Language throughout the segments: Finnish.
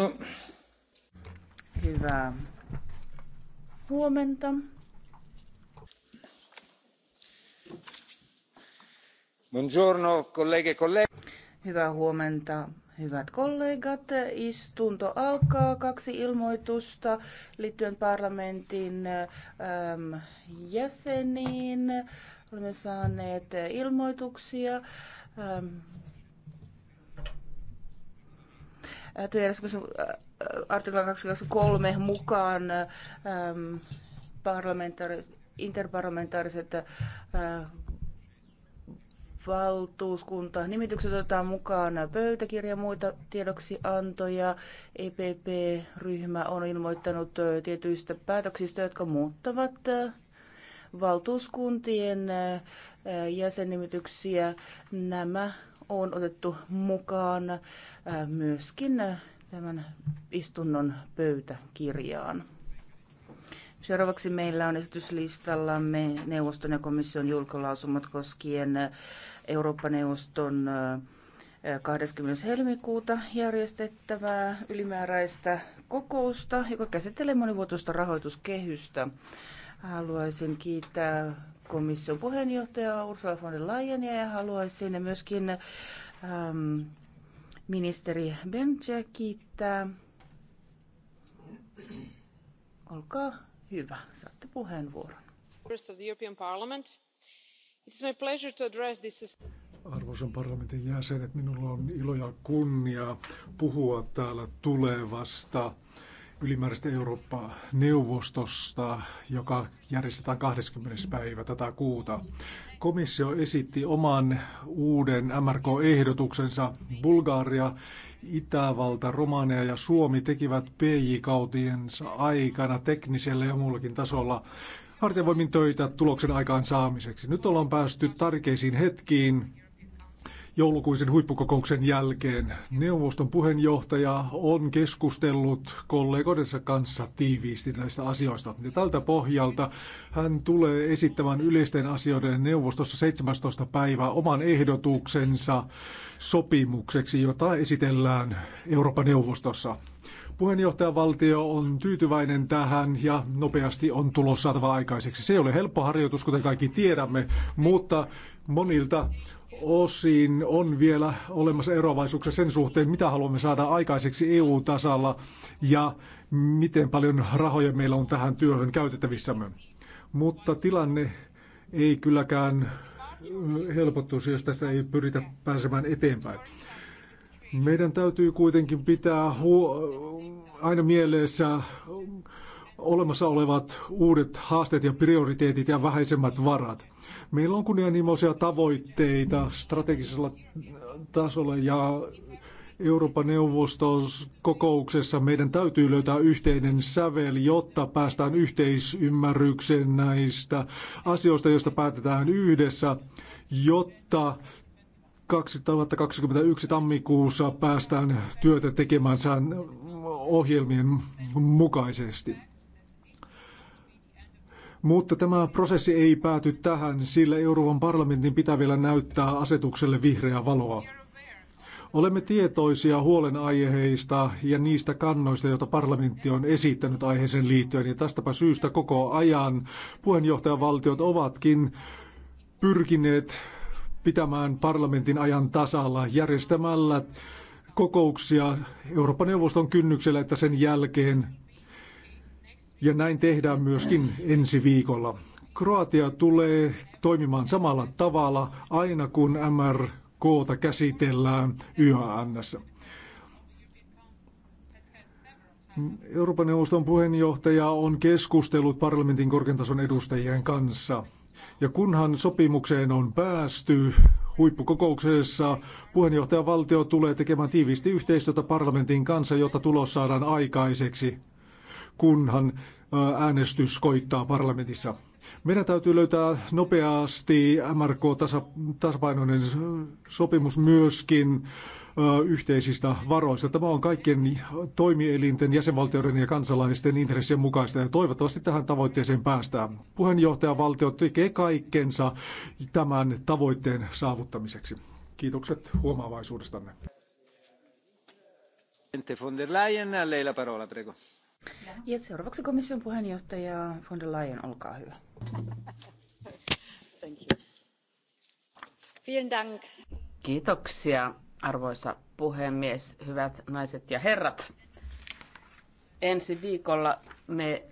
No. Hyvää huomenta. Buongiorno, colleghe e colleghi. Hyvää huomenta, hyvät kollegat. Istunto alkaa. Kaksi ilmoitusta liittyen parlamentin äm, jäseniin. Olemme saaneet ilmoituksia. Äm, työjärjestyksen artikla 23 mukaan interparlamentaariset valtuuskunta. Nimitykset otetaan mukaan pöytäkirja muita tiedoksiantoja. EPP-ryhmä on ilmoittanut tietyistä päätöksistä, jotka muuttavat valtuuskuntien jäsennimityksiä. Nämä on otettu mukaan äh, myöskin äh, tämän istunnon pöytäkirjaan. Seuraavaksi meillä on esityslistallamme neuvoston ja komission julkilausumat koskien äh, Eurooppa-neuvoston 20. helmikuuta järjestettävää ylimääräistä kokousta, joka käsittelee monivuotoista rahoituskehystä. Haluaisin kiittää komission puheenjohtaja Ursula von der Leyen ja haluaisin myöskin ähm, ministeri Benche kiittää. Olkaa hyvä, saatte puheenvuoron. Arvoisan parlamentin jäsenet, minulla on ilo ja kunnia puhua täällä tulevasta ylimääräistä Eurooppa-neuvostosta, joka järjestetään 20. päivä tätä kuuta. Komissio esitti oman uuden MRK-ehdotuksensa. Bulgaria, Itävalta, Romania ja Suomi tekivät PJ-kautiensa aikana teknisellä ja muullakin tasolla hartiavoimin töitä tuloksen aikaansaamiseksi. Nyt ollaan päästy tärkeisiin hetkiin joulukuisen huippukokouksen jälkeen. Neuvoston puheenjohtaja on keskustellut kollegoidensa kanssa tiiviisti näistä asioista. Ja tältä pohjalta hän tulee esittämään yleisten asioiden neuvostossa 17. päivää oman ehdotuksensa sopimukseksi, jota esitellään Euroopan neuvostossa. Puheenjohtajavaltio on tyytyväinen tähän ja nopeasti on tulossa saatava aikaiseksi. Se ei ole helppo harjoitus, kuten kaikki tiedämme, mutta monilta osin on vielä olemassa eroavaisuuksia sen suhteen, mitä haluamme saada aikaiseksi EU-tasalla ja miten paljon rahoja meillä on tähän työhön käytettävissämme. Mutta tilanne ei kylläkään helpottuisi, jos tässä ei pyritä pääsemään eteenpäin. Meidän täytyy kuitenkin pitää aina mielessä olemassa olevat uudet haasteet ja prioriteetit ja vähäisemmät varat. Meillä on kunnianhimoisia tavoitteita strategisella tasolla ja Euroopan neuvoston kokouksessa meidän täytyy löytää yhteinen sävel, jotta päästään yhteisymmärrykseen näistä asioista, joista päätetään yhdessä, jotta 2021 tammikuussa päästään työtä tekemään ohjelmien mukaisesti. Mutta tämä prosessi ei pääty tähän, sillä Euroopan parlamentin pitää vielä näyttää asetukselle vihreää valoa. Olemme tietoisia huolenaiheista ja niistä kannoista, joita parlamentti on esittänyt aiheeseen liittyen. Ja tästäpä syystä koko ajan puheenjohtajavaltiot ovatkin pyrkineet pitämään parlamentin ajan tasalla järjestämällä kokouksia Euroopan neuvoston kynnyksellä, että sen jälkeen ja näin tehdään myöskin ensi viikolla. Kroatia tulee toimimaan samalla tavalla aina kun MRK käsitellään YANssä. Euroopan neuvoston puheenjohtaja on keskustellut parlamentin korkeintason edustajien kanssa. Ja kunhan sopimukseen on päästy huippukokouksessa, puheenjohtajavaltio tulee tekemään tiiviisti yhteistyötä parlamentin kanssa, jotta tulos saadaan aikaiseksi kunhan äänestys koittaa parlamentissa. Meidän täytyy löytää nopeasti MRK-tasapainoinen sopimus myöskin yhteisistä varoista. Tämä on kaikkien toimielinten, jäsenvaltioiden ja kansalaisten intressien mukaista ja toivottavasti tähän tavoitteeseen päästään. Puheenjohtajavaltio tekee kaikkensa tämän tavoitteen saavuttamiseksi. Kiitokset huomaavaisuudestanne. Von der Leyen, lei la parola, prego. Ja seuraavaksi komission puheenjohtaja von der Leyen, olkaa hyvä. Thank you. Vielen Dank. Kiitoksia, arvoisa puhemies, hyvät naiset ja herrat. Ensi viikolla me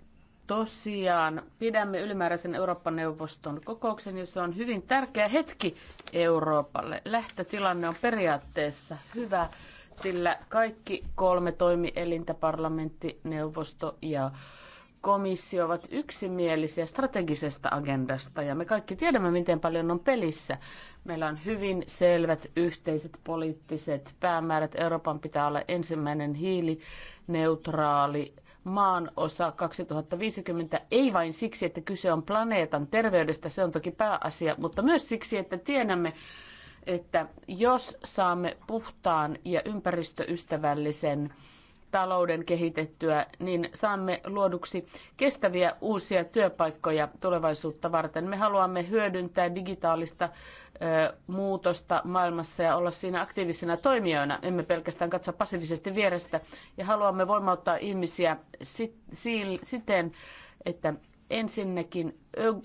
tosiaan pidämme ylimääräisen Eurooppa-neuvoston kokouksen ja se on hyvin tärkeä hetki Euroopalle. Lähtötilanne on periaatteessa hyvä sillä kaikki kolme toimielintä, parlamentti, neuvosto ja komissio ovat yksimielisiä strategisesta agendasta ja me kaikki tiedämme, miten paljon on pelissä. Meillä on hyvin selvät yhteiset poliittiset päämäärät. Euroopan pitää olla ensimmäinen hiilineutraali maan osa 2050, ei vain siksi, että kyse on planeetan terveydestä, se on toki pääasia, mutta myös siksi, että tiedämme, että jos saamme puhtaan ja ympäristöystävällisen talouden kehitettyä, niin saamme luoduksi kestäviä uusia työpaikkoja tulevaisuutta varten. Me haluamme hyödyntää digitaalista ö, muutosta maailmassa ja olla siinä aktiivisena toimijoina. Emme pelkästään katso passiivisesti vierestä ja haluamme voimauttaa ihmisiä sit, siten, että Ensinnäkin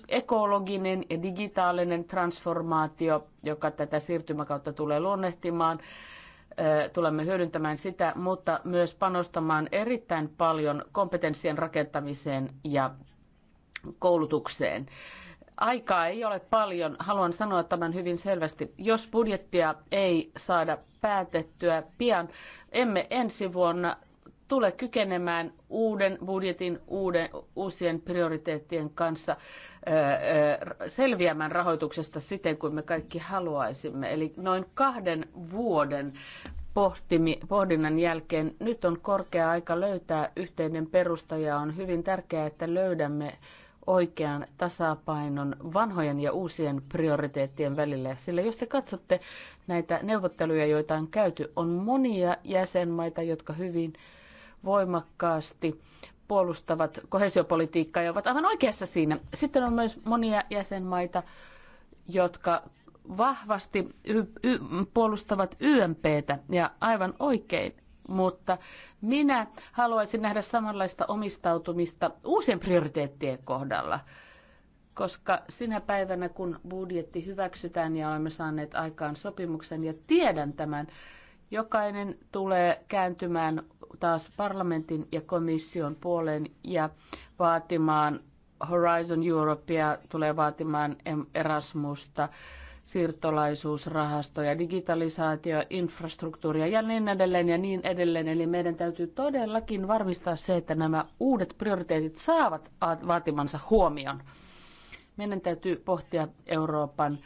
ekologinen ja digitaalinen transformaatio, joka tätä siirtymäkautta tulee luonnehtimaan. Tulemme hyödyntämään sitä, mutta myös panostamaan erittäin paljon kompetenssien rakentamiseen ja koulutukseen aikaa ei ole paljon. Haluan sanoa tämän hyvin selvästi. Jos budjettia ei saada päätettyä pian, emme ensi vuonna tule kykenemään uuden budjetin, uuden, uusien prioriteettien kanssa selviämään rahoituksesta siten kuin me kaikki haluaisimme. Eli noin kahden vuoden pohtimi, pohdinnan jälkeen nyt on korkea aika löytää yhteinen perusta ja on hyvin tärkeää, että löydämme oikean tasapainon vanhojen ja uusien prioriteettien välillä. Sillä jos te katsotte näitä neuvotteluja, joita on käyty, on monia jäsenmaita, jotka hyvin voimakkaasti puolustavat kohesiopolitiikkaa ja ovat aivan oikeassa siinä. Sitten on myös monia jäsenmaita, jotka vahvasti y- y- puolustavat YMPtä ja aivan oikein. Mutta minä haluaisin nähdä samanlaista omistautumista uusien prioriteettien kohdalla, koska sinä päivänä, kun budjetti hyväksytään ja olemme saaneet aikaan sopimuksen ja tiedän tämän, Jokainen tulee kääntymään taas parlamentin ja komission puoleen ja vaatimaan Horizon Europea, tulee vaatimaan Erasmusta, siirtolaisuusrahastoja, digitalisaatio, infrastruktuuria ja niin edelleen ja niin edelleen. Eli meidän täytyy todellakin varmistaa se, että nämä uudet prioriteetit saavat vaatimansa huomion. Meidän täytyy pohtia Euroopan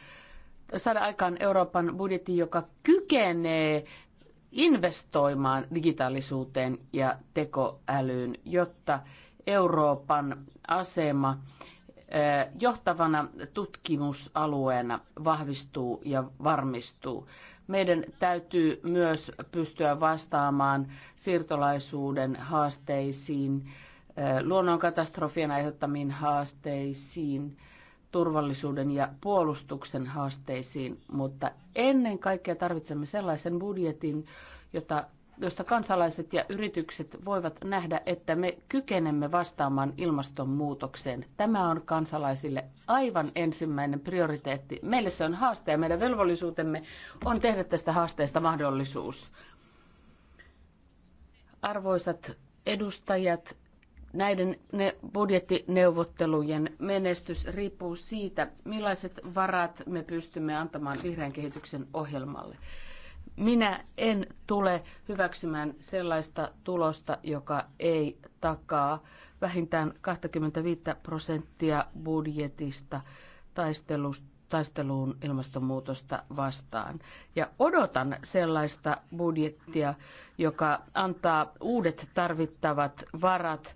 saada aikaan Euroopan budjetti, joka kykenee investoimaan digitaalisuuteen ja tekoälyyn, jotta Euroopan asema johtavana tutkimusalueena vahvistuu ja varmistuu. Meidän täytyy myös pystyä vastaamaan siirtolaisuuden haasteisiin, luonnonkatastrofien aiheuttamiin haasteisiin – turvallisuuden ja puolustuksen haasteisiin, mutta ennen kaikkea tarvitsemme sellaisen budjetin, jota, josta kansalaiset ja yritykset voivat nähdä, että me kykenemme vastaamaan ilmastonmuutokseen. Tämä on kansalaisille aivan ensimmäinen prioriteetti. Meille se on haaste ja meidän velvollisuutemme on tehdä tästä haasteesta mahdollisuus. Arvoisat edustajat, näiden ne budjettineuvottelujen menestys riippuu siitä, millaiset varat me pystymme antamaan vihreän kehityksen ohjelmalle. Minä en tule hyväksymään sellaista tulosta, joka ei takaa vähintään 25 prosenttia budjetista taisteluun ilmastonmuutosta vastaan. Ja odotan sellaista budjettia, joka antaa uudet tarvittavat varat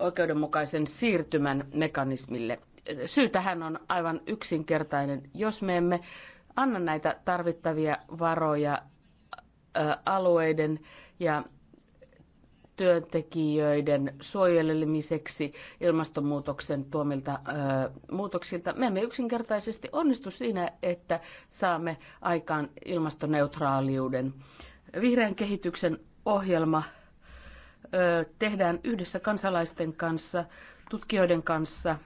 oikeudenmukaisen siirtymän mekanismille. Syy tähän on aivan yksinkertainen. Jos me emme anna näitä tarvittavia varoja alueiden ja työntekijöiden suojelemiseksi ilmastonmuutoksen tuomilta ö, muutoksilta. Me emme yksinkertaisesti onnistu siinä, että saamme aikaan ilmastoneutraaliuden. Vihreän kehityksen ohjelma tehdään yhdessä kansalaisten kanssa, tutkijoiden kanssa,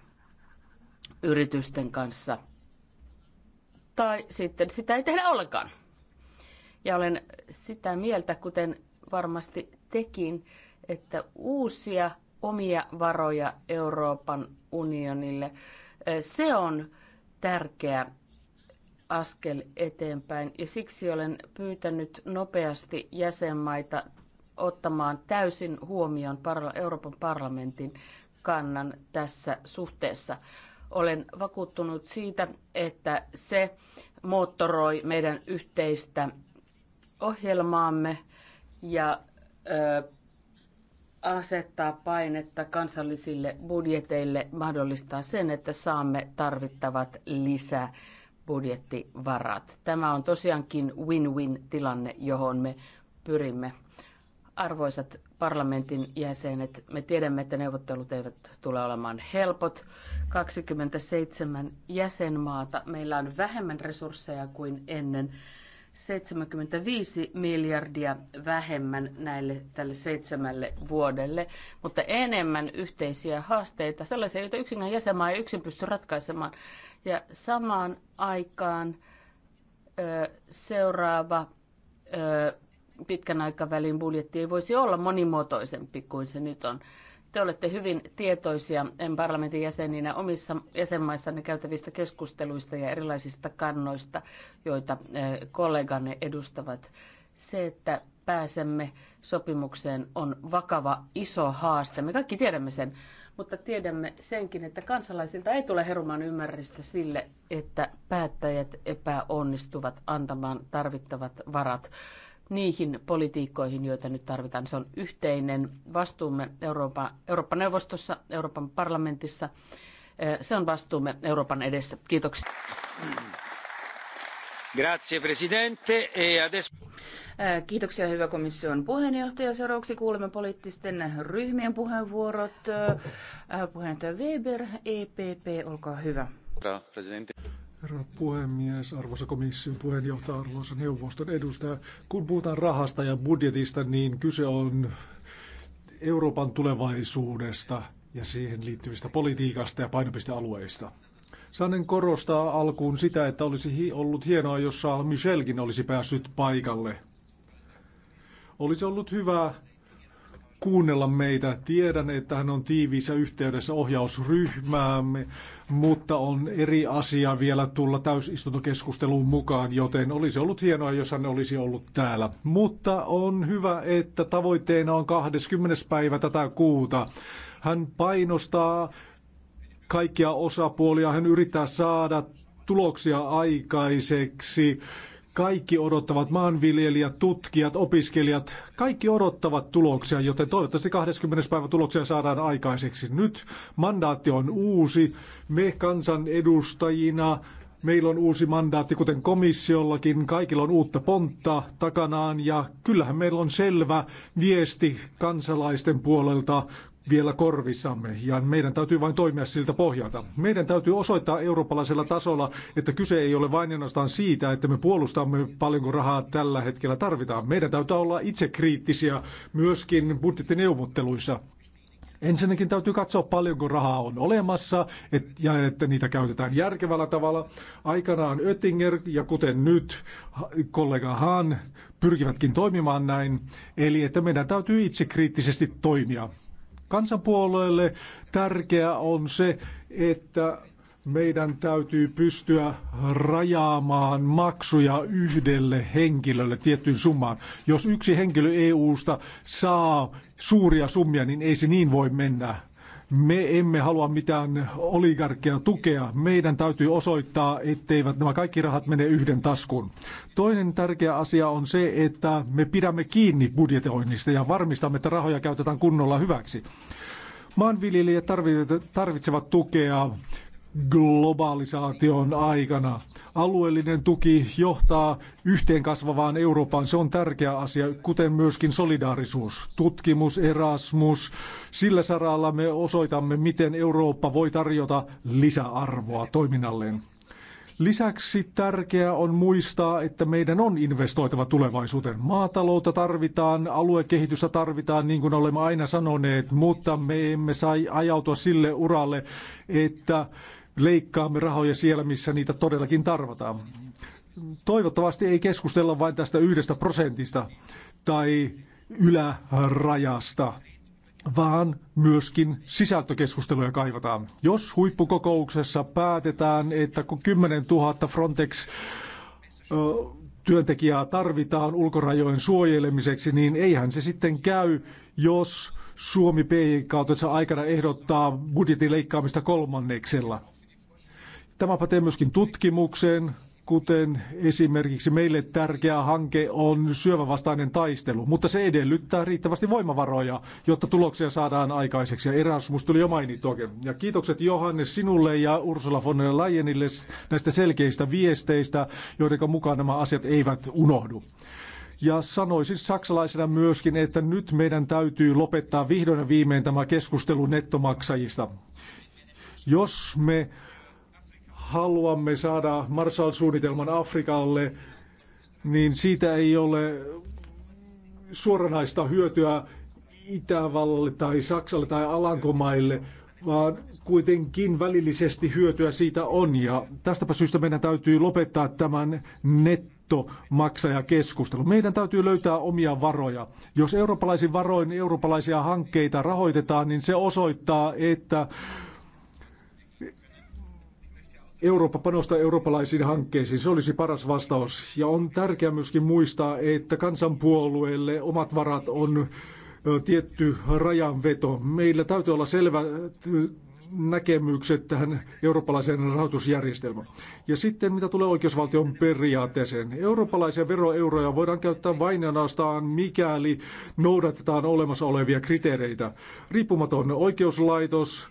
yritysten kanssa. Tai sitten sitä ei tehdä ollenkaan. Ja olen sitä mieltä, kuten varmasti tekin, että uusia omia varoja Euroopan unionille, se on tärkeä askel eteenpäin ja siksi olen pyytänyt nopeasti jäsenmaita ottamaan täysin huomioon Euroopan parlamentin kannan tässä suhteessa. Olen vakuuttunut siitä, että se moottoroi meidän yhteistä ohjelmaamme ja ö, asettaa painetta kansallisille budjeteille, mahdollistaa sen, että saamme tarvittavat lisäbudjettivarat. Tämä on tosiaankin win-win tilanne, johon me pyrimme. Arvoisat parlamentin jäsenet, me tiedämme, että neuvottelut eivät tule olemaan helpot. 27 jäsenmaata, meillä on vähemmän resursseja kuin ennen. 75 miljardia vähemmän näille tälle seitsemälle vuodelle, mutta enemmän yhteisiä haasteita, sellaisia, joita yksinkään jäsenmaa ei yksin pysty ratkaisemaan. Ja samaan aikaan ö, seuraava ö, pitkän aikavälin budjetti ei voisi olla monimuotoisempi kuin se nyt on. Te olette hyvin tietoisia parlamentin jäseninä omissa jäsenmaissanne käytävistä keskusteluista ja erilaisista kannoista, joita eh, kolleganne edustavat. Se, että pääsemme sopimukseen, on vakava, iso haaste. Me kaikki tiedämme sen, mutta tiedämme senkin, että kansalaisilta ei tule herumaan ymmärrystä sille, että päättäjät epäonnistuvat antamaan tarvittavat varat niihin politiikkoihin, joita nyt tarvitaan. Se on yhteinen vastuumme Euroopan, Euroopan neuvostossa, Euroopan parlamentissa. Eh, se on vastuumme Euroopan edessä. Kiitoksia. Grazie, presidente. E adesso... Eh, kiitoksia hyvä komission puheenjohtaja. Seuraavaksi kuulemme poliittisten ryhmien puheenvuorot. Eh, puheenjohtaja Weber, EPP, olkaa hyvä. Presidente. Herra puhemies, arvoisa komission puheenjohtaja, arvoisa neuvoston edustaja. Kun puhutaan rahasta ja budjetista, niin kyse on Euroopan tulevaisuudesta ja siihen liittyvistä politiikasta ja painopistealueista. Sanen korostaa alkuun sitä, että olisi ollut hienoa, jos Michelkin olisi päässyt paikalle. Olisi ollut hyvä, kuunnella meitä. Tiedän, että hän on tiiviissä yhteydessä ohjausryhmäämme, mutta on eri asia vielä tulla täysistuntokeskusteluun mukaan, joten olisi ollut hienoa, jos hän olisi ollut täällä. Mutta on hyvä, että tavoitteena on 20. päivä tätä kuuta. Hän painostaa kaikkia osapuolia, hän yrittää saada tuloksia aikaiseksi kaikki odottavat, maanviljelijät, tutkijat, opiskelijat, kaikki odottavat tuloksia, joten toivottavasti 20. päivä tuloksia saadaan aikaiseksi. Nyt mandaatti on uusi. Me kansanedustajina, meillä on uusi mandaatti, kuten komissiollakin. Kaikilla on uutta pontta takanaan ja kyllähän meillä on selvä viesti kansalaisten puolelta, vielä korvissamme ja meidän täytyy vain toimia siltä pohjalta. Meidän täytyy osoittaa eurooppalaisella tasolla, että kyse ei ole vain ainoastaan siitä, että me puolustamme paljonko rahaa tällä hetkellä tarvitaan. Meidän täytyy olla itsekriittisiä myöskin budjettineuvotteluissa. Ensinnäkin täytyy katsoa paljonko rahaa on olemassa et, ja että niitä käytetään järkevällä tavalla. Aikanaan Oettinger ja kuten nyt kollega Hahn pyrkivätkin toimimaan näin. Eli että meidän täytyy itse kriittisesti toimia. Kansanpuolueelle tärkeää on se, että meidän täytyy pystyä rajaamaan maksuja yhdelle henkilölle tiettyyn summaan. Jos yksi henkilö EU-sta saa suuria summia, niin ei se niin voi mennä. Me emme halua mitään oligarkkeja tukea. Meidän täytyy osoittaa, etteivät nämä kaikki rahat mene yhden taskuun. Toinen tärkeä asia on se, että me pidämme kiinni budjetoinnista ja varmistamme, että rahoja käytetään kunnolla hyväksi. Maanviljelijät tarvitsevat tukea globalisaation aikana. Alueellinen tuki johtaa yhteen kasvavaan Eurooppaan. Se on tärkeä asia, kuten myöskin solidaarisuus, tutkimus, Erasmus. Sillä saralla me osoitamme, miten Eurooppa voi tarjota lisäarvoa toiminnalleen. Lisäksi tärkeää on muistaa, että meidän on investoitava tulevaisuuteen. Maataloutta tarvitaan, aluekehitystä tarvitaan, niin kuin olemme aina sanoneet, mutta me emme saa ajautua sille uralle, että leikkaamme rahoja siellä, missä niitä todellakin tarvitaan. Toivottavasti ei keskustella vain tästä yhdestä prosentista tai ylärajasta, vaan myöskin sisältökeskusteluja kaivataan. Jos huippukokouksessa päätetään, että kun 10 000 Frontex työntekijää tarvitaan ulkorajojen suojelemiseksi, niin eihän se sitten käy, jos Suomi pi kautensa aikana ehdottaa budjetin leikkaamista kolmanneksella. Tämä pätee myöskin tutkimukseen, kuten esimerkiksi meille tärkeä hanke on syövävastainen taistelu, mutta se edellyttää riittävästi voimavaroja, jotta tuloksia saadaan aikaiseksi. Ja Erasmus tuli jo mainittuakin. Ja kiitokset Johannes sinulle ja Ursula von der Leyenille näistä selkeistä viesteistä, joiden mukaan nämä asiat eivät unohdu. Ja sanoisin saksalaisena myöskin, että nyt meidän täytyy lopettaa vihdoin ja viimein tämä keskustelu nettomaksajista. Jos me haluamme saada Marshall-suunnitelman Afrikalle, niin siitä ei ole suoranaista hyötyä Itävallalle tai Saksalle tai Alankomaille, vaan kuitenkin välillisesti hyötyä siitä on. Ja tästäpä syystä meidän täytyy lopettaa tämän nettomaksajakeskustelu. Meidän täytyy löytää omia varoja. Jos eurooppalaisin varoin eurooppalaisia hankkeita rahoitetaan, niin se osoittaa, että Eurooppa panostaa eurooppalaisiin hankkeisiin. Se olisi paras vastaus. Ja on tärkeää myöskin muistaa, että kansanpuolueelle omat varat on tietty rajanveto. Meillä täytyy olla selvä näkemykset tähän eurooppalaiseen rahoitusjärjestelmään. Ja sitten mitä tulee oikeusvaltion periaatteeseen. Eurooppalaisia veroeuroja voidaan käyttää vain ainoastaan, mikäli noudatetaan olemassa olevia kriteereitä. Riippumaton oikeuslaitos,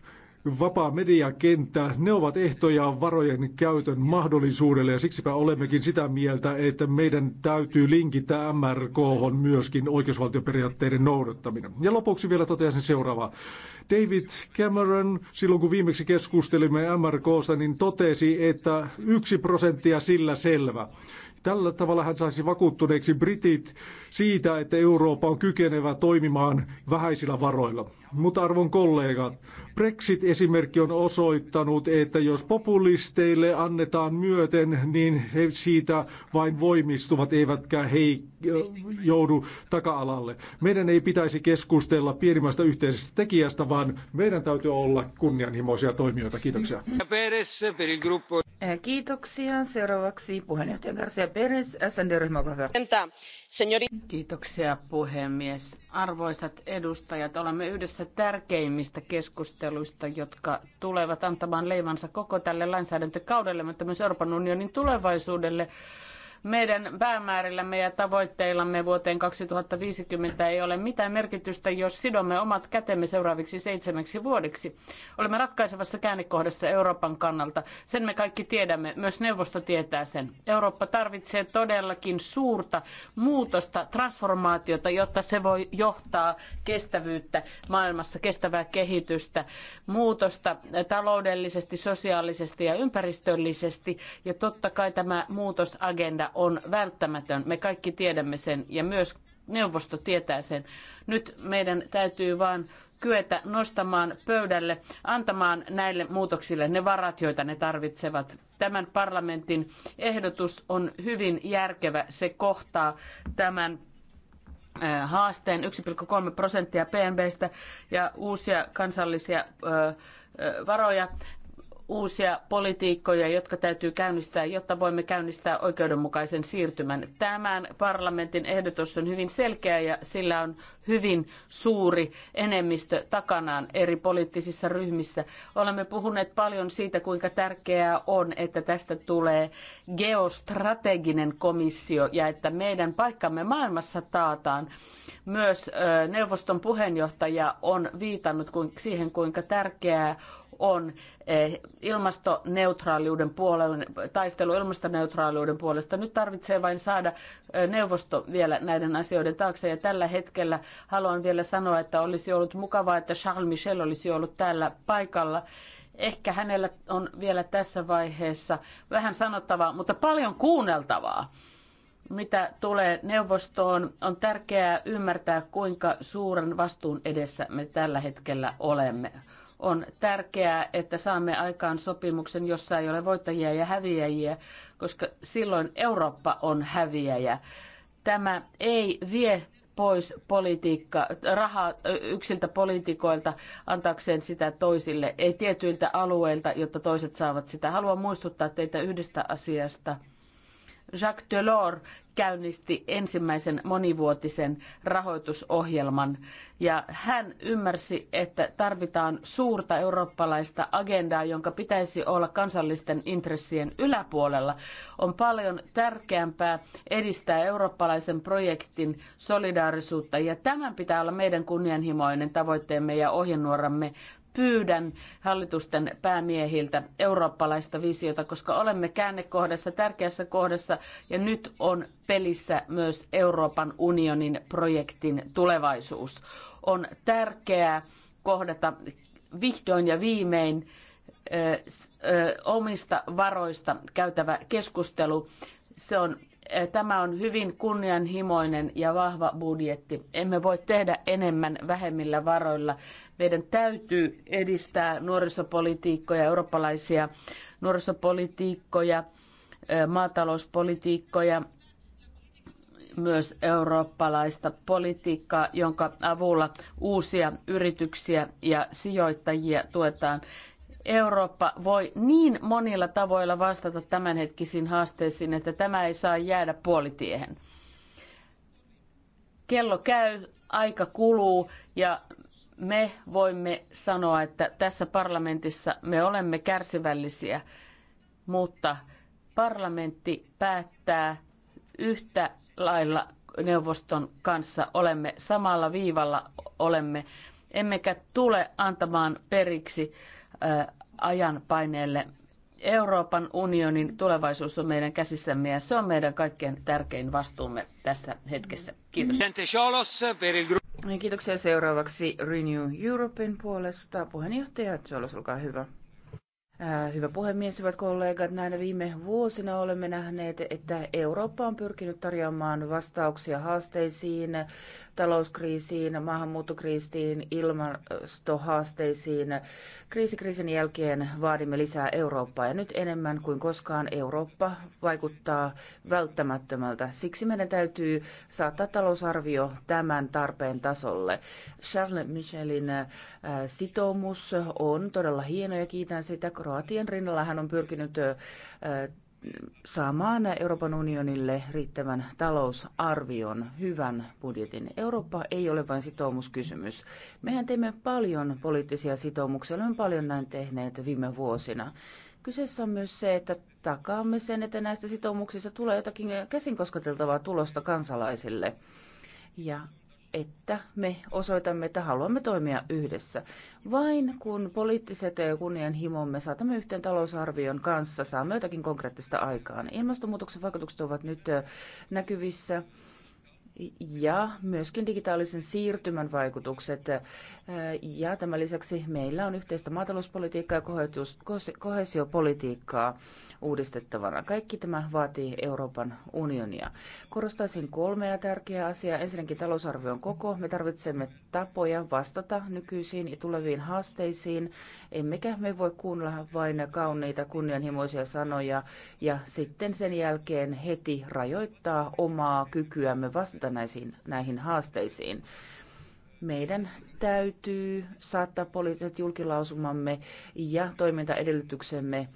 vapaa mediakenttä, ne ovat ehtoja varojen käytön mahdollisuudelle ja siksipä olemmekin sitä mieltä, että meidän täytyy linkittää MRK myöskin oikeusvaltioperiaatteiden noudattaminen. Ja lopuksi vielä toteaisin seuraavaa. David Cameron, silloin kun viimeksi keskustelimme MRKsta, niin totesi, että yksi prosenttia sillä selvä. Tällä tavalla hän saisi vakuuttuneeksi britit siitä, että Eurooppa on kykenevä toimimaan vähäisillä varoilla. Mutta arvon kollegat, Brexit-esimerkki on osoittanut, että jos populisteille annetaan myöten, niin he siitä vain voimistuvat, eivätkä he joudu taka-alalle. Meidän ei pitäisi keskustella pienimmästä yhteisestä tekijästä, vaan meidän täytyy olla kunnianhimoisia toimijoita. Kiitoksia. Kiitoksia. Seuraavaksi puheenjohtaja Garcia Perez, snd Kiitoksia puhemies. Arvoisat edustajat, olemme yhdessä tärkeimmistä keskusteluista, jotka tulevat antamaan leivansa koko tälle lainsäädäntökaudelle, mutta myös Euroopan unionin tulevaisuudelle meidän päämäärillämme ja tavoitteillamme vuoteen 2050 ei ole mitään merkitystä, jos sidomme omat kätemme seuraaviksi seitsemäksi vuodeksi. Olemme ratkaisevassa käännekohdassa Euroopan kannalta. Sen me kaikki tiedämme, myös neuvosto tietää sen. Eurooppa tarvitsee todellakin suurta muutosta, transformaatiota, jotta se voi johtaa kestävyyttä maailmassa, kestävää kehitystä, muutosta taloudellisesti, sosiaalisesti ja ympäristöllisesti. Ja totta kai tämä muutosagenda on välttämätön. Me kaikki tiedämme sen ja myös neuvosto tietää sen. Nyt meidän täytyy vain kyetä nostamaan pöydälle, antamaan näille muutoksille ne varat, joita ne tarvitsevat. Tämän parlamentin ehdotus on hyvin järkevä. Se kohtaa tämän äh, haasteen 1,3 prosenttia PNBstä ja uusia kansallisia äh, äh, varoja uusia politiikkoja, jotka täytyy käynnistää, jotta voimme käynnistää oikeudenmukaisen siirtymän. Tämän parlamentin ehdotus on hyvin selkeä ja sillä on hyvin suuri enemmistö takanaan eri poliittisissa ryhmissä. Olemme puhuneet paljon siitä, kuinka tärkeää on, että tästä tulee geostrateginen komissio ja että meidän paikkamme maailmassa taataan. Myös neuvoston puheenjohtaja on viitannut siihen, kuinka tärkeää on eh, ilmastoneutraaliuden puolen, taistelu ilmastoneutraaliuden puolesta. Nyt tarvitsee vain saada eh, neuvosto vielä näiden asioiden taakse. Ja tällä hetkellä haluan vielä sanoa, että olisi ollut mukavaa, että Charles Michel olisi ollut täällä paikalla. Ehkä hänellä on vielä tässä vaiheessa vähän sanottavaa, mutta paljon kuunneltavaa mitä tulee neuvostoon, on tärkeää ymmärtää, kuinka suuren vastuun edessä me tällä hetkellä olemme on tärkeää, että saamme aikaan sopimuksen, jossa ei ole voittajia ja häviäjiä, koska silloin Eurooppa on häviäjä. Tämä ei vie pois politiikka, rahaa yksiltä poliitikoilta antaakseen sitä toisille, ei tietyiltä alueilta, jotta toiset saavat sitä. Haluan muistuttaa teitä yhdestä asiasta – Jacques Delors käynnisti ensimmäisen monivuotisen rahoitusohjelman. Ja hän ymmärsi, että tarvitaan suurta eurooppalaista agendaa, jonka pitäisi olla kansallisten intressien yläpuolella. On paljon tärkeämpää edistää eurooppalaisen projektin solidaarisuutta, ja tämän pitää olla meidän kunnianhimoinen tavoitteemme ja ohjenuoramme pyydän hallitusten päämiehiltä eurooppalaista visiota, koska olemme käännekohdassa, tärkeässä kohdassa ja nyt on pelissä myös Euroopan unionin projektin tulevaisuus. On tärkeää kohdata vihdoin ja viimein omista varoista käytävä keskustelu. Se on tämä on hyvin kunnianhimoinen ja vahva budjetti. Emme voi tehdä enemmän vähemmillä varoilla. Meidän täytyy edistää nuorisopolitiikkoja, eurooppalaisia nuorisopolitiikkoja, maatalouspolitiikkoja, myös eurooppalaista politiikkaa, jonka avulla uusia yrityksiä ja sijoittajia tuetaan. Eurooppa voi niin monilla tavoilla vastata tämänhetkisiin haasteisiin, että tämä ei saa jäädä puolitiehen. Kello käy, aika kuluu ja me voimme sanoa, että tässä parlamentissa me olemme kärsivällisiä, mutta parlamentti päättää yhtä lailla neuvoston kanssa. Olemme samalla viivalla, olemme, emmekä tule antamaan periksi äh, ajan paineelle. Euroopan unionin tulevaisuus on meidän käsissämme ja se on meidän kaikkein tärkein vastuumme tässä hetkessä. Kiitos. Kiitoksia seuraavaksi Renew Europein puolesta. Puheenjohtaja Jolos, olkaa hyvä. Äh, hyvä puhemies, hyvät kollegat, näinä viime vuosina olemme nähneet, että Eurooppa on pyrkinyt tarjoamaan vastauksia haasteisiin, talouskriisiin, maahanmuuttokriisiin, ilmastohaasteisiin. Kriisikriisin jälkeen vaadimme lisää Eurooppaa ja nyt enemmän kuin koskaan Eurooppa vaikuttaa välttämättömältä. Siksi meidän täytyy saattaa talousarvio tämän tarpeen tasolle. Charles Michelin äh, sitoumus on todella hieno ja kiitän sitä. Kroatian rinnalla hän on pyrkinyt äh, saamaan Euroopan unionille riittävän talousarvion, hyvän budjetin. Eurooppa ei ole vain sitoumuskysymys. Mehän teemme paljon poliittisia sitoumuksia, olemme paljon näin tehneet viime vuosina. Kyseessä on myös se, että takaamme sen, että näistä sitoumuksista tulee jotakin käsin tulosta kansalaisille. Ja että me osoitamme, että haluamme toimia yhdessä. Vain kun poliittiset ja kunnianhimomme saatamme yhteen talousarvion kanssa, saamme jotakin konkreettista aikaan. Ilmastonmuutoksen vaikutukset ovat nyt näkyvissä ja myöskin digitaalisen siirtymän vaikutukset. Äh, ja tämän lisäksi meillä on yhteistä maatalouspolitiikkaa ja kohesiopolitiikkaa uudistettavana. Kaikki tämä vaatii Euroopan unionia. Korostaisin kolmea tärkeää asiaa. Ensinnäkin talousarvion koko. Me tarvitsemme tapoja vastata nykyisiin ja tuleviin haasteisiin. Emmekä me voi kuunnella vain kauniita kunnianhimoisia sanoja ja sitten sen jälkeen heti rajoittaa omaa kykyämme vastata vastata näihin, näihin haasteisiin. Meidän täytyy saattaa poliittiset julkilausumamme ja toimintaedellytyksemme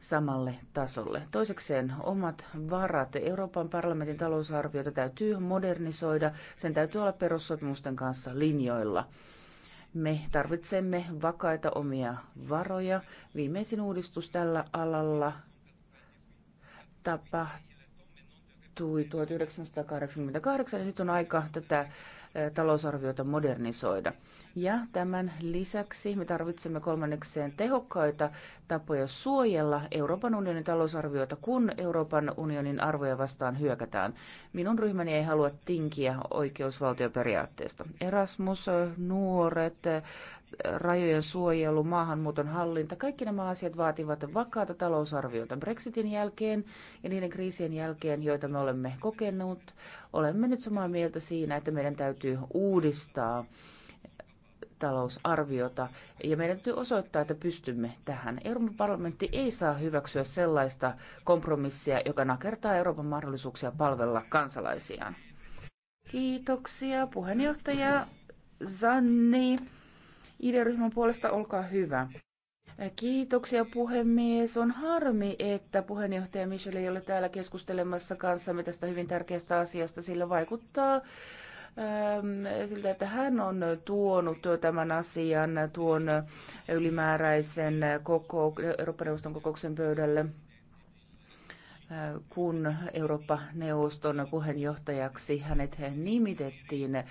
samalle tasolle. Toisekseen omat varat. Euroopan parlamentin talousarviota täytyy modernisoida. Sen täytyy olla perussopimusten kanssa linjoilla. Me tarvitsemme vakaita omia varoja. Viimeisin uudistus tällä alalla tapahtuu tapahtui 1988 ja nyt on aika tätä talousarviota modernisoida. Ja tämän lisäksi me tarvitsemme kolmannekseen tehokkaita tapoja suojella Euroopan unionin talousarviota, kun Euroopan unionin arvoja vastaan hyökätään. Minun ryhmäni ei halua tinkiä oikeusvaltioperiaatteesta. Erasmus, nuoret, rajojen suojelu, maahanmuuton hallinta, kaikki nämä asiat vaativat vakaata talousarviota Brexitin jälkeen ja niiden kriisien jälkeen, joita me olemme kokenut. Olemme nyt samaa mieltä siinä, että meidän täytyy uudistaa talousarviota ja meidän täytyy osoittaa, että pystymme tähän. Euroopan parlamentti ei saa hyväksyä sellaista kompromissia, joka nakertaa Euroopan mahdollisuuksia palvella kansalaisiaan. Kiitoksia puheenjohtaja Zanni. ID-ryhmän puolesta, olkaa hyvä. Kiitoksia puhemies. On harmi, että puheenjohtaja Michelle ei ole täällä keskustelemassa kanssamme tästä hyvin tärkeästä asiasta, sillä vaikuttaa ähm, siltä, että hän on tuonut tämän asian tuon ylimääräisen kokouk- eurooppa neuvoston kokouksen pöydälle äh, kun Eurooppa-neuvoston puheenjohtajaksi hänet nimitettiin.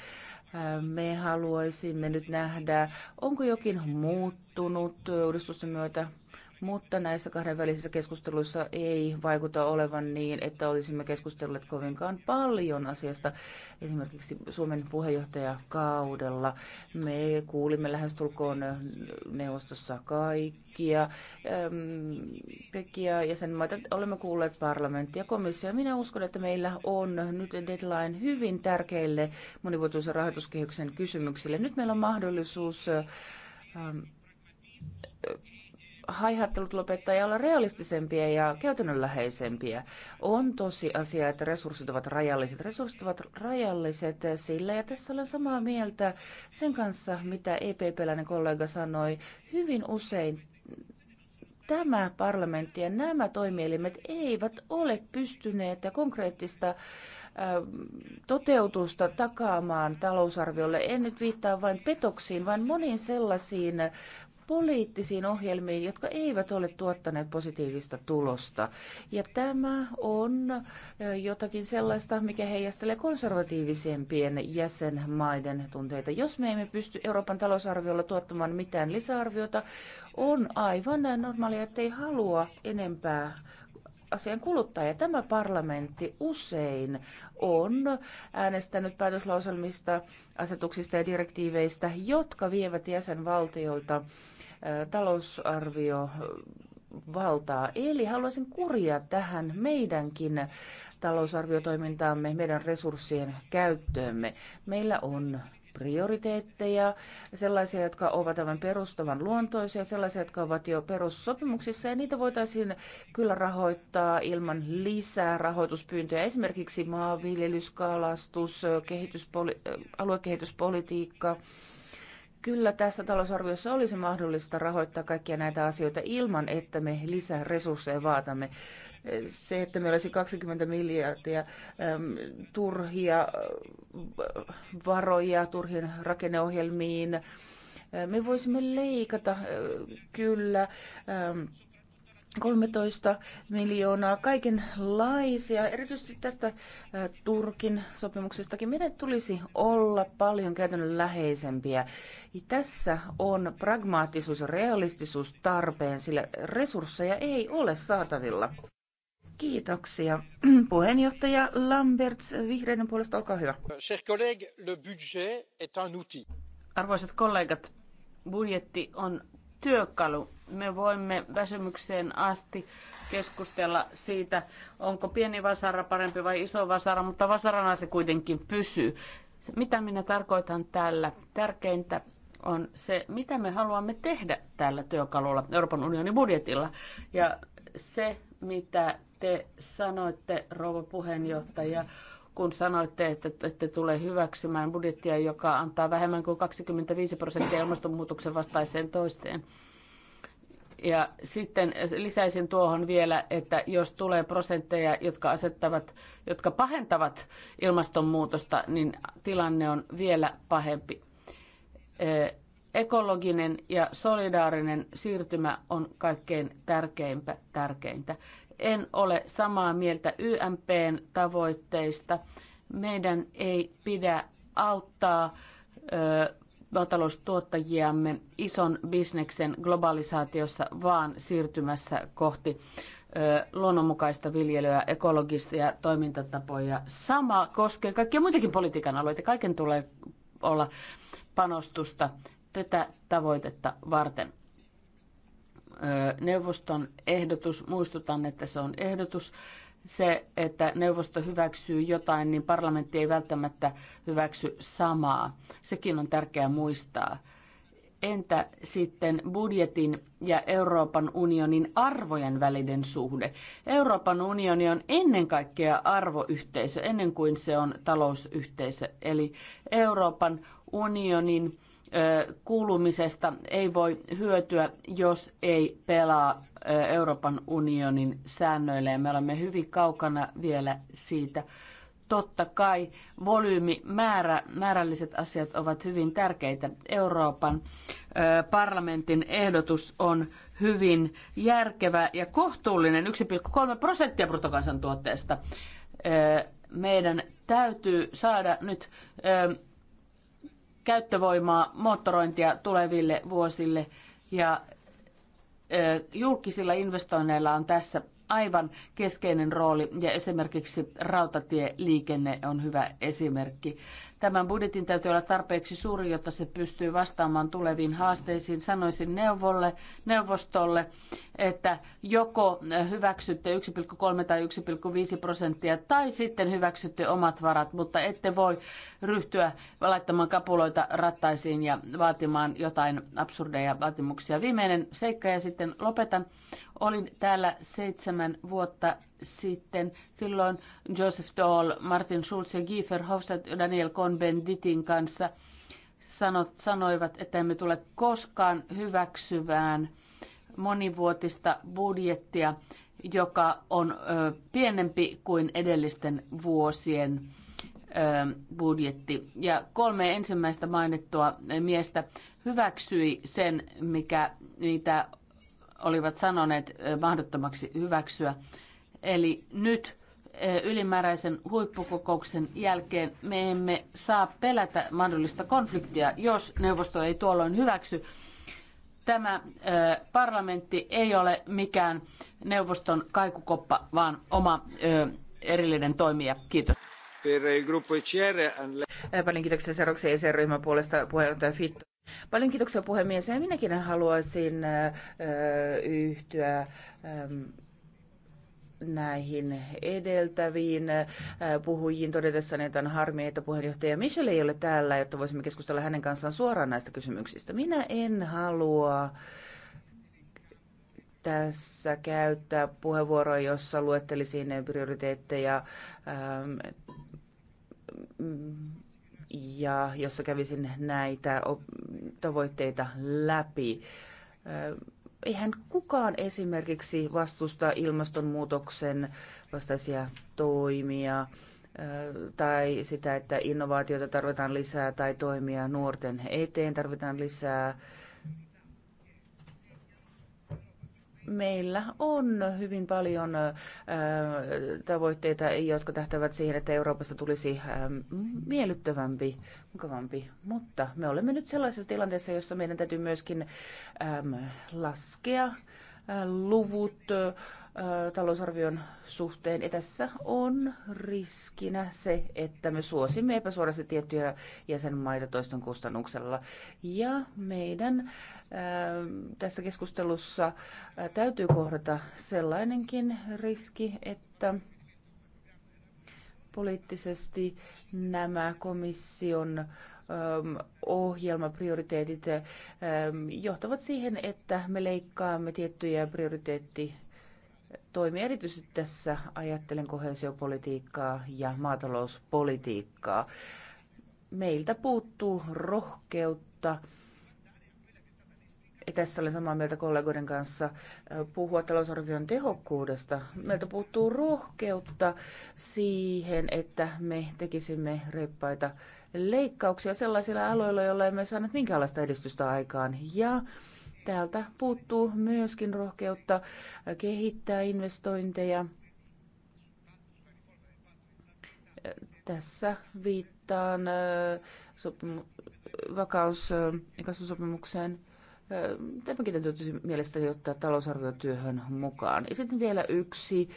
Me haluaisimme nyt nähdä, onko jokin muuttunut uudistusten myötä mutta näissä kahdenvälisissä keskusteluissa ei vaikuta olevan niin, että olisimme keskustelleet kovinkaan paljon asiasta. Esimerkiksi Suomen puheenjohtajakaudella me kuulimme lähestulkoon neuvostossa kaikkia ähm, tekijää jäsenmaita. Olemme kuulleet parlamentti ja komissio. Minä uskon, että meillä on nyt deadline hyvin tärkeille monivuotuisen rahoituskehyksen kysymyksille. Nyt meillä on mahdollisuus ähm, haihattelut lopettaa ja olla realistisempia ja käytännönläheisempiä. On tosi asia, että resurssit ovat rajalliset. Resurssit ovat rajalliset sillä, ja tässä olen samaa mieltä sen kanssa, mitä ep läinen kollega sanoi. Hyvin usein tämä parlamentti ja nämä toimielimet eivät ole pystyneet ja konkreettista äh, toteutusta takaamaan talousarviolle. En nyt viittaa vain petoksiin, vaan moniin sellaisiin poliittisiin ohjelmiin, jotka eivät ole tuottaneet positiivista tulosta. Ja tämä on jotakin sellaista, mikä heijastelee konservatiivisempien jäsenmaiden tunteita. Jos me emme pysty Euroopan talousarviolla tuottamaan mitään lisäarviota, on aivan normaalia, ettei halua enempää asian kuluttaja. Tämä parlamentti usein on äänestänyt päätöslauselmista, asetuksista ja direktiiveistä, jotka vievät jäsenvaltioilta talousarvio valtaa. Eli haluaisin kurjaa tähän meidänkin talousarviotoimintaamme, meidän resurssien käyttöömme. Meillä on prioriteetteja, sellaisia, jotka ovat aivan perustavan luontoisia, sellaisia, jotka ovat jo perussopimuksissa, ja niitä voitaisiin kyllä rahoittaa ilman lisää rahoituspyyntöjä, esimerkiksi maanviljelys, kalastus, aluekehityspolitiikka, kyllä tässä talousarviossa olisi mahdollista rahoittaa kaikkia näitä asioita ilman, että me lisää resursseja vaatamme. Se, että meillä olisi 20 miljardia äm, turhia äh, varoja turhien rakenneohjelmiin, äh, me voisimme leikata äh, kyllä. Äm, 13 miljoonaa, kaikenlaisia. Erityisesti tästä Turkin sopimuksestakin meidän tulisi olla paljon käytännönläheisempiä. Ja tässä on pragmaattisuus ja realistisuus tarpeen, sillä resursseja ei ole saatavilla. Kiitoksia. Puheenjohtaja Lamberts vihreiden puolesta, olkaa hyvä. Arvoisat kollegat, budjetti on työkalu me voimme väsymykseen asti keskustella siitä, onko pieni vasara parempi vai iso vasara, mutta vasarana se kuitenkin pysyy. Mitä minä tarkoitan tällä? Tärkeintä on se, mitä me haluamme tehdä tällä työkalulla, Euroopan unionin budjetilla. Ja se, mitä te sanoitte, rouva puheenjohtaja, kun sanoitte, että ette tule hyväksymään budjettia, joka antaa vähemmän kuin 25 prosenttia ilmastonmuutoksen vastaiseen toisteen ja sitten lisäisin tuohon vielä, että jos tulee prosentteja, jotka asettavat, jotka pahentavat ilmastonmuutosta, niin tilanne on vielä pahempi. Ekologinen ja solidaarinen siirtymä on kaikkein tärkeimpä tärkeintä. En ole samaa mieltä YMPn tavoitteista. Meidän ei pidä auttaa maataloustuottajiamme ison bisneksen globalisaatiossa, vaan siirtymässä kohti luonnonmukaista viljelyä, ekologisia toimintatapoja. Sama koskee kaikkia muitakin politiikan alueita. Kaiken tulee olla panostusta tätä tavoitetta varten. Neuvoston ehdotus, muistutan, että se on ehdotus, se, että neuvosto hyväksyy jotain, niin parlamentti ei välttämättä hyväksy samaa. Sekin on tärkeää muistaa. Entä sitten budjetin ja Euroopan unionin arvojen välinen suhde? Euroopan unioni on ennen kaikkea arvoyhteisö, ennen kuin se on talousyhteisö. Eli Euroopan unionin kuulumisesta ei voi hyötyä, jos ei pelaa Euroopan unionin säännöillä ja me olemme hyvin kaukana vielä siitä. Totta kai volyymi, määrä, määrälliset asiat ovat hyvin tärkeitä. Euroopan parlamentin ehdotus on hyvin järkevä ja kohtuullinen, 1,3 prosenttia bruttokansantuotteesta. meidän täytyy saada nyt käyttövoimaa, moottorointia tuleville vuosille ja julkisilla investoinneilla on tässä aivan keskeinen rooli ja esimerkiksi rautatieliikenne on hyvä esimerkki. Tämän budjetin täytyy olla tarpeeksi suuri, jotta se pystyy vastaamaan tuleviin haasteisiin. Sanoisin neuvolle, neuvostolle, että joko hyväksytte 1,3 tai 1,5 prosenttia tai sitten hyväksytte omat varat, mutta ette voi ryhtyä laittamaan kapuloita rattaisiin ja vaatimaan jotain absurdeja vaatimuksia. Viimeinen seikka ja sitten lopetan. Olin täällä seitsemän vuotta sitten. Silloin Joseph Dahl, Martin Schulz ja Guy Verhofstadt Daniel Cohn-Benditin kanssa sanot, sanoivat, että emme tule koskaan hyväksyvään monivuotista budjettia, joka on ö, pienempi kuin edellisten vuosien budjetti. Ja kolme ensimmäistä mainittua miestä hyväksyi sen, mikä niitä olivat sanoneet mahdottomaksi hyväksyä. Eli nyt ylimääräisen huippukokouksen jälkeen me emme saa pelätä mahdollista konfliktia, jos neuvosto ei tuolloin hyväksy. Tämä parlamentti ei ole mikään neuvoston kaikukoppa, vaan oma erillinen toimija. Kiitos. E paljon kiitoksia seuraavaksi ESR-ryhmän puolesta puheenjohtaja Fitto. Paljon kiitoksia puhemies. Ja minäkin haluaisin äh, yhtyä näihin edeltäviin äh, puhujiin todetessani, että on harmi, että puheenjohtaja Michelle ei ole täällä, jotta voisimme keskustella hänen kanssaan suoraan näistä kysymyksistä. Minä en halua tässä käyttää puheenvuoroa, jossa luettelisin prioriteetteja ähm, ja jossa kävisin näitä tavoitteita läpi. Äh, eihän kukaan esimerkiksi vastusta ilmastonmuutoksen vastaisia toimia tai sitä, että innovaatioita tarvitaan lisää tai toimia nuorten eteen tarvitaan lisää meillä on hyvin paljon tavoitteita, jotka tähtävät siihen, että Euroopassa tulisi miellyttävämpi, mukavampi. Mutta me olemme nyt sellaisessa tilanteessa, jossa meidän täytyy myöskin laskea luvut talousarvion suhteen. Ja tässä on riskinä se, että me suosimme epäsuorasti tiettyjä jäsenmaita toisten kustannuksella. Ja meidän ää, tässä keskustelussa ää, täytyy kohdata sellainenkin riski, että poliittisesti nämä komission ohjelmaprioriteetit johtavat siihen, että me leikkaamme tiettyjä prioriteetti toimi. Erityisesti tässä ajattelen kohesiopolitiikkaa ja maatalouspolitiikkaa. Meiltä puuttuu rohkeutta ja tässä olen samaa mieltä kollegoiden kanssa, puhua talousarvion tehokkuudesta. Meiltä puuttuu rohkeutta siihen, että me tekisimme reippaita leikkauksia sellaisilla aloilla, joilla emme saaneet minkäänlaista edistystä aikaan. Ja täältä puuttuu myöskin rohkeutta kehittää investointeja. Tässä viittaan vakaus- ja kasvusopimukseen. Tämäkin täytyy mielestäni ottaa talousarviotyöhön mukaan. Ja sitten vielä yksi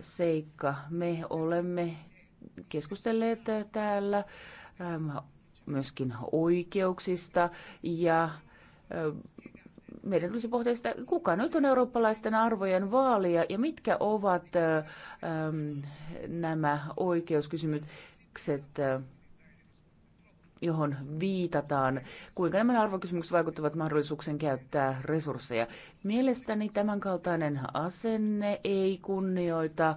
seikka. Me olemme keskustelleet täällä myöskin oikeuksista ja meidän tulisi pohtia sitä, kuka nyt on eurooppalaisten arvojen vaalia ja mitkä ovat nämä oikeuskysymykset, johon viitataan, kuinka nämä arvokysymykset vaikuttavat mahdollisuuksien käyttää resursseja. Mielestäni tämänkaltainen asenne ei kunnioita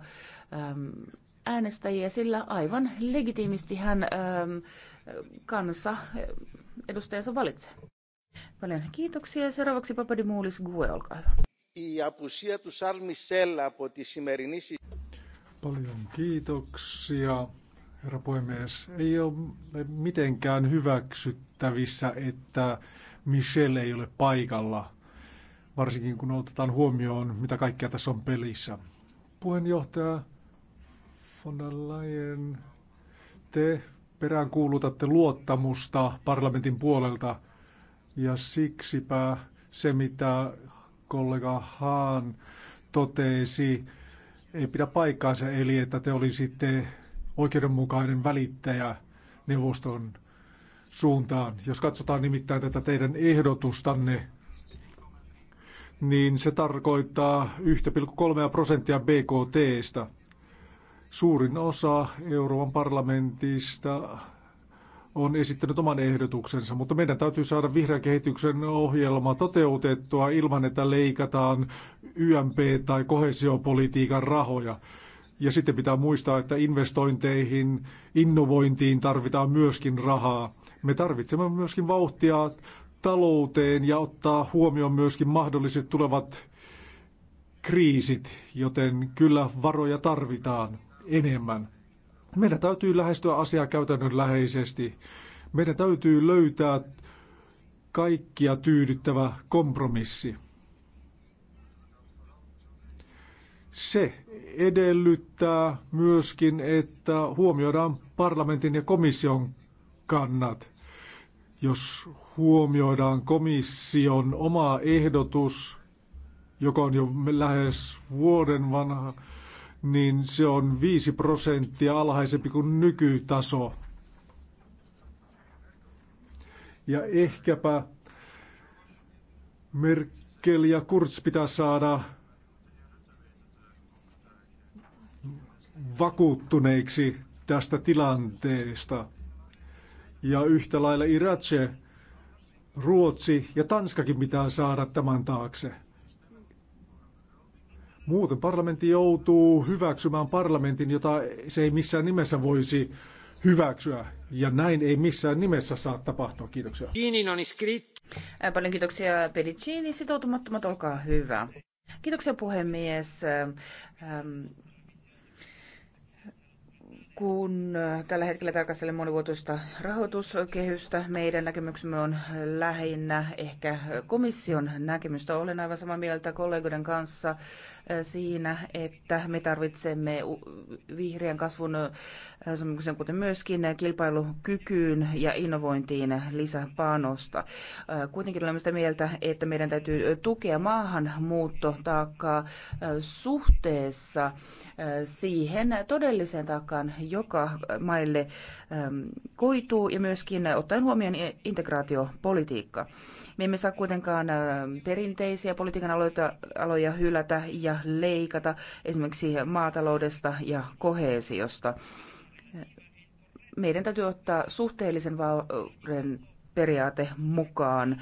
äänestäjiä, sillä aivan legitiimisti hän ähm, kansa edustajansa valitsee. Paljon kiitoksia. Seuraavaksi Papadimoulis Gue, olkaa hyvä. Η απουσία του Σαρλ Μισελ από τη σημερινή Paljon kiitoksia, herra puhemies. Ei ole mitenkään hyväksyttävissä, että Michelle ei ole paikalla, varsinkin kun otetaan huomioon, mitä kaikkea tässä on pelissä. Puheenjohtaja von der Leyen, te peräänkuulutatte luottamusta parlamentin puolelta – ja siksipä se, mitä kollega Haan totesi, ei pidä paikkaansa, eli että te olisitte oikeudenmukainen välittäjä neuvoston suuntaan. Jos katsotaan nimittäin tätä teidän ehdotustanne, niin se tarkoittaa 1,3 prosenttia BKTstä. Suurin osa Euroopan parlamentista on esittänyt oman ehdotuksensa, mutta meidän täytyy saada vihreän kehityksen ohjelma toteutettua ilman, että leikataan YMP tai kohesiopolitiikan rahoja. Ja sitten pitää muistaa, että investointeihin, innovointiin tarvitaan myöskin rahaa. Me tarvitsemme myöskin vauhtia talouteen ja ottaa huomioon myöskin mahdolliset tulevat kriisit, joten kyllä varoja tarvitaan enemmän. Meidän täytyy lähestyä asiaa käytännönläheisesti. Meidän täytyy löytää kaikkia tyydyttävä kompromissi. Se edellyttää myöskin, että huomioidaan parlamentin ja komission kannat. Jos huomioidaan komission oma ehdotus, joka on jo lähes vuoden vanha, niin se on 5 prosenttia alhaisempi kuin nykytaso. Ja ehkäpä Merkel ja Kurz pitää saada vakuuttuneiksi tästä tilanteesta. Ja yhtä lailla Iratse, Ruotsi ja Tanskakin pitää saada tämän taakse. Muuten parlamentti joutuu hyväksymään parlamentin, jota se ei missään nimessä voisi hyväksyä. Ja näin ei missään nimessä saa tapahtua. Kiitoksia. Paljon kiitoksia Pelicini. Sitoutumattomat, olkaa hyvä. Kiitoksia puhemies. kun tällä hetkellä tarkastelen monivuotoista rahoituskehystä, meidän näkemyksemme on lähinnä ehkä komission näkemystä. Olen aivan samaa mieltä kollegoiden kanssa siinä, että me tarvitsemme vihreän kasvun kuten myöskin kilpailukykyyn ja innovointiin lisäpanosta. Kuitenkin olemme sitä mieltä, että meidän täytyy tukea maahanmuuttotaakkaa suhteessa siihen todelliseen taakkaan, joka maille koituu ja myöskin ottaen huomioon integraatiopolitiikka. Me emme saa kuitenkaan perinteisiä politiikan aloita, aloja hylätä ja leikata, esimerkiksi maataloudesta ja koheesiosta. Meidän täytyy ottaa suhteellisen vauden periaate mukaan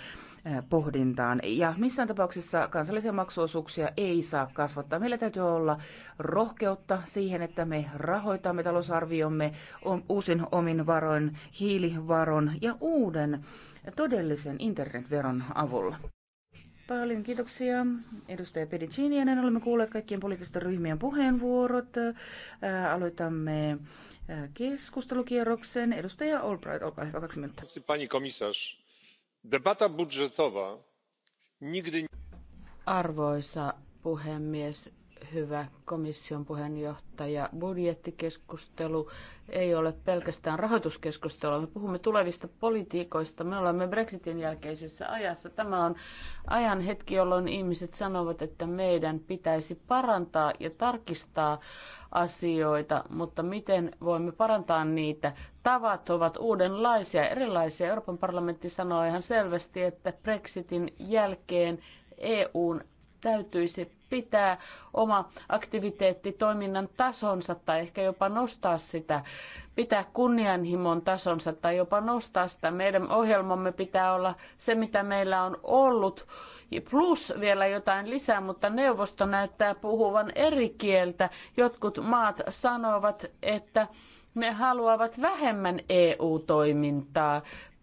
pohdintaan. Ja missään tapauksessa kansallisia maksuosuuksia ei saa kasvattaa. Meillä täytyy olla rohkeutta siihen, että me rahoitamme talousarviomme uusin omin varoin, hiilivaron ja uuden todellisen internetveron avulla. Paljon kiitoksia edustaja Pedicini. Ja näin olemme kuulleet kaikkien poliittisten ryhmien puheenvuorot. Ää, aloitamme ää, keskustelukierroksen. Edustaja Albright, olkaa hyvä, kaksi minuuttia. Pani komisarz, debata budżetowa nigdy... Arvoisa puhemies, hyvä komission puheenjohtaja. Budjettikeskustelu ei ole pelkästään rahoituskeskustelua. Me puhumme tulevista politiikoista. Me olemme Brexitin jälkeisessä ajassa. Tämä on ajan hetki, jolloin ihmiset sanovat, että meidän pitäisi parantaa ja tarkistaa asioita, mutta miten voimme parantaa niitä? Tavat ovat uudenlaisia, erilaisia. Euroopan parlamentti sanoo ihan selvästi, että Brexitin jälkeen EUn täytyisi pitää oma aktiviteetti toiminnan tasonsa tai ehkä jopa nostaa sitä, pitää kunnianhimon tasonsa tai jopa nostaa sitä. Meidän ohjelmamme pitää olla se, mitä meillä on ollut, plus vielä jotain lisää, mutta neuvosto näyttää puhuvan eri kieltä. Jotkut maat sanovat, että ne haluavat vähemmän EU-toimintaa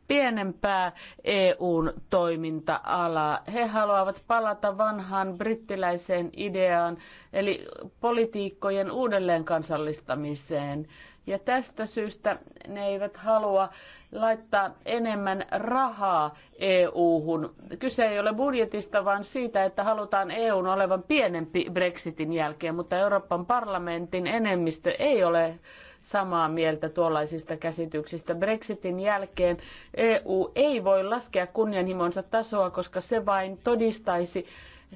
pienempää EUn toiminta-alaa. He haluavat palata vanhaan brittiläiseen ideaan, eli politiikkojen uudelleen kansallistamiseen. Ja tästä syystä ne eivät halua laittaa enemmän rahaa EU-hun. Kyse ei ole budjetista, vaan siitä, että halutaan EUn olevan pienempi Brexitin jälkeen, mutta Euroopan parlamentin enemmistö ei ole samaa mieltä tuollaisista käsityksistä. Brexitin jälkeen EU ei voi laskea kunnianhimonsa tasoa, koska se vain todistaisi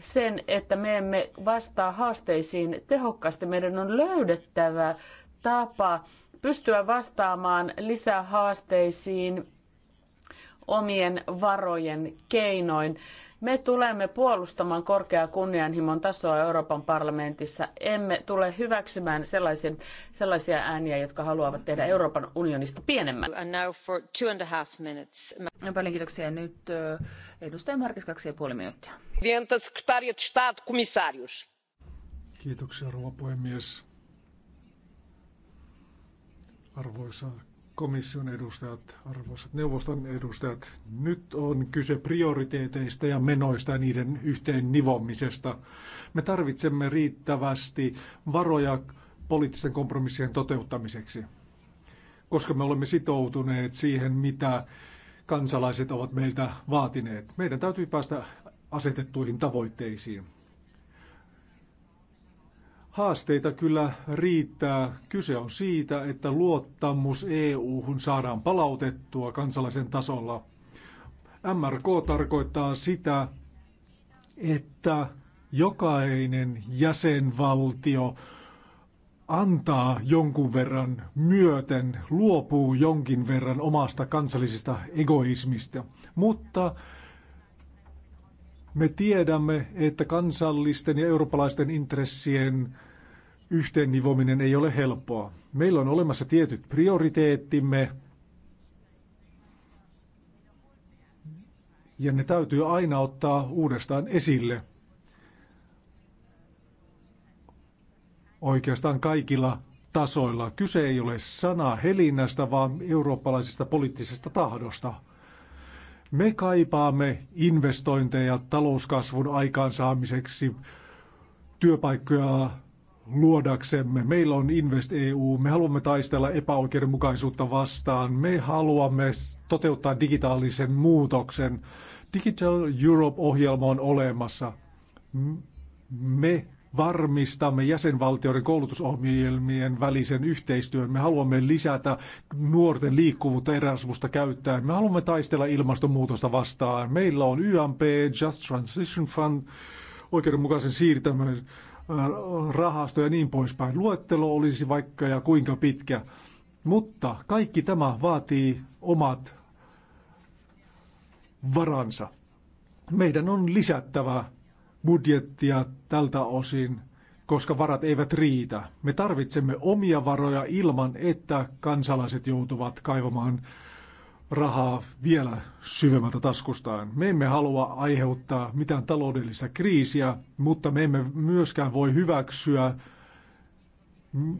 sen, että me emme vastaa haasteisiin tehokkaasti. Meidän on löydettävä tapa pystyä vastaamaan lisähaasteisiin omien varojen keinoin. Me tulemme puolustamaan korkeaa kunnianhimon tasoa Euroopan parlamentissa. Emme tule hyväksymään sellaisia, sellaisia ääniä, jotka haluavat tehdä Euroopan unionista pienemmän. And now for two and a half minutes. Paljon kiitoksia. Nyt edustaja Markis, kaksi ja puoli minuuttia. Kiitoksia, rouva puhemies. Arvoisa komission edustajat, arvoisat neuvoston edustajat. Nyt on kyse prioriteeteista ja menoista ja niiden yhteen nivomisesta. Me tarvitsemme riittävästi varoja poliittisen kompromissien toteuttamiseksi, koska me olemme sitoutuneet siihen, mitä kansalaiset ovat meiltä vaatineet. Meidän täytyy päästä asetettuihin tavoitteisiin. Haasteita kyllä riittää. Kyse on siitä, että luottamus EU-hun saadaan palautettua kansalaisen tasolla. MRK tarkoittaa sitä, että jokainen jäsenvaltio antaa jonkun verran myöten, luopuu jonkin verran omasta kansallisesta egoismista. Mutta me tiedämme, että kansallisten ja eurooppalaisten intressien yhteennivominen ei ole helppoa. Meillä on olemassa tietyt prioriteettimme, ja ne täytyy aina ottaa uudestaan esille. Oikeastaan kaikilla tasoilla. Kyse ei ole sana helinnästä, vaan eurooppalaisesta poliittisesta tahdosta. Me kaipaamme investointeja talouskasvun aikaansaamiseksi, työpaikkoja luodaksemme. Meillä on Invest EU, me haluamme taistella epäoikeudenmukaisuutta vastaan, me haluamme toteuttaa digitaalisen muutoksen. Digital Europe-ohjelma on olemassa. Me varmistamme jäsenvaltioiden koulutusohjelmien välisen yhteistyön. Me haluamme lisätä nuorten liikkuvuutta Erasmusta käyttäen. Me haluamme taistella ilmastonmuutosta vastaan. Meillä on YMP, Just Transition Fund, oikeudenmukaisen siirtämisen äh, rahasto ja niin poispäin. Luettelo olisi vaikka ja kuinka pitkä. Mutta kaikki tämä vaatii omat varansa. Meidän on lisättävä budjettia tältä osin, koska varat eivät riitä. Me tarvitsemme omia varoja ilman, että kansalaiset joutuvat kaivamaan rahaa vielä syvemmältä taskustaan. Me emme halua aiheuttaa mitään taloudellista kriisiä, mutta me emme myöskään voi hyväksyä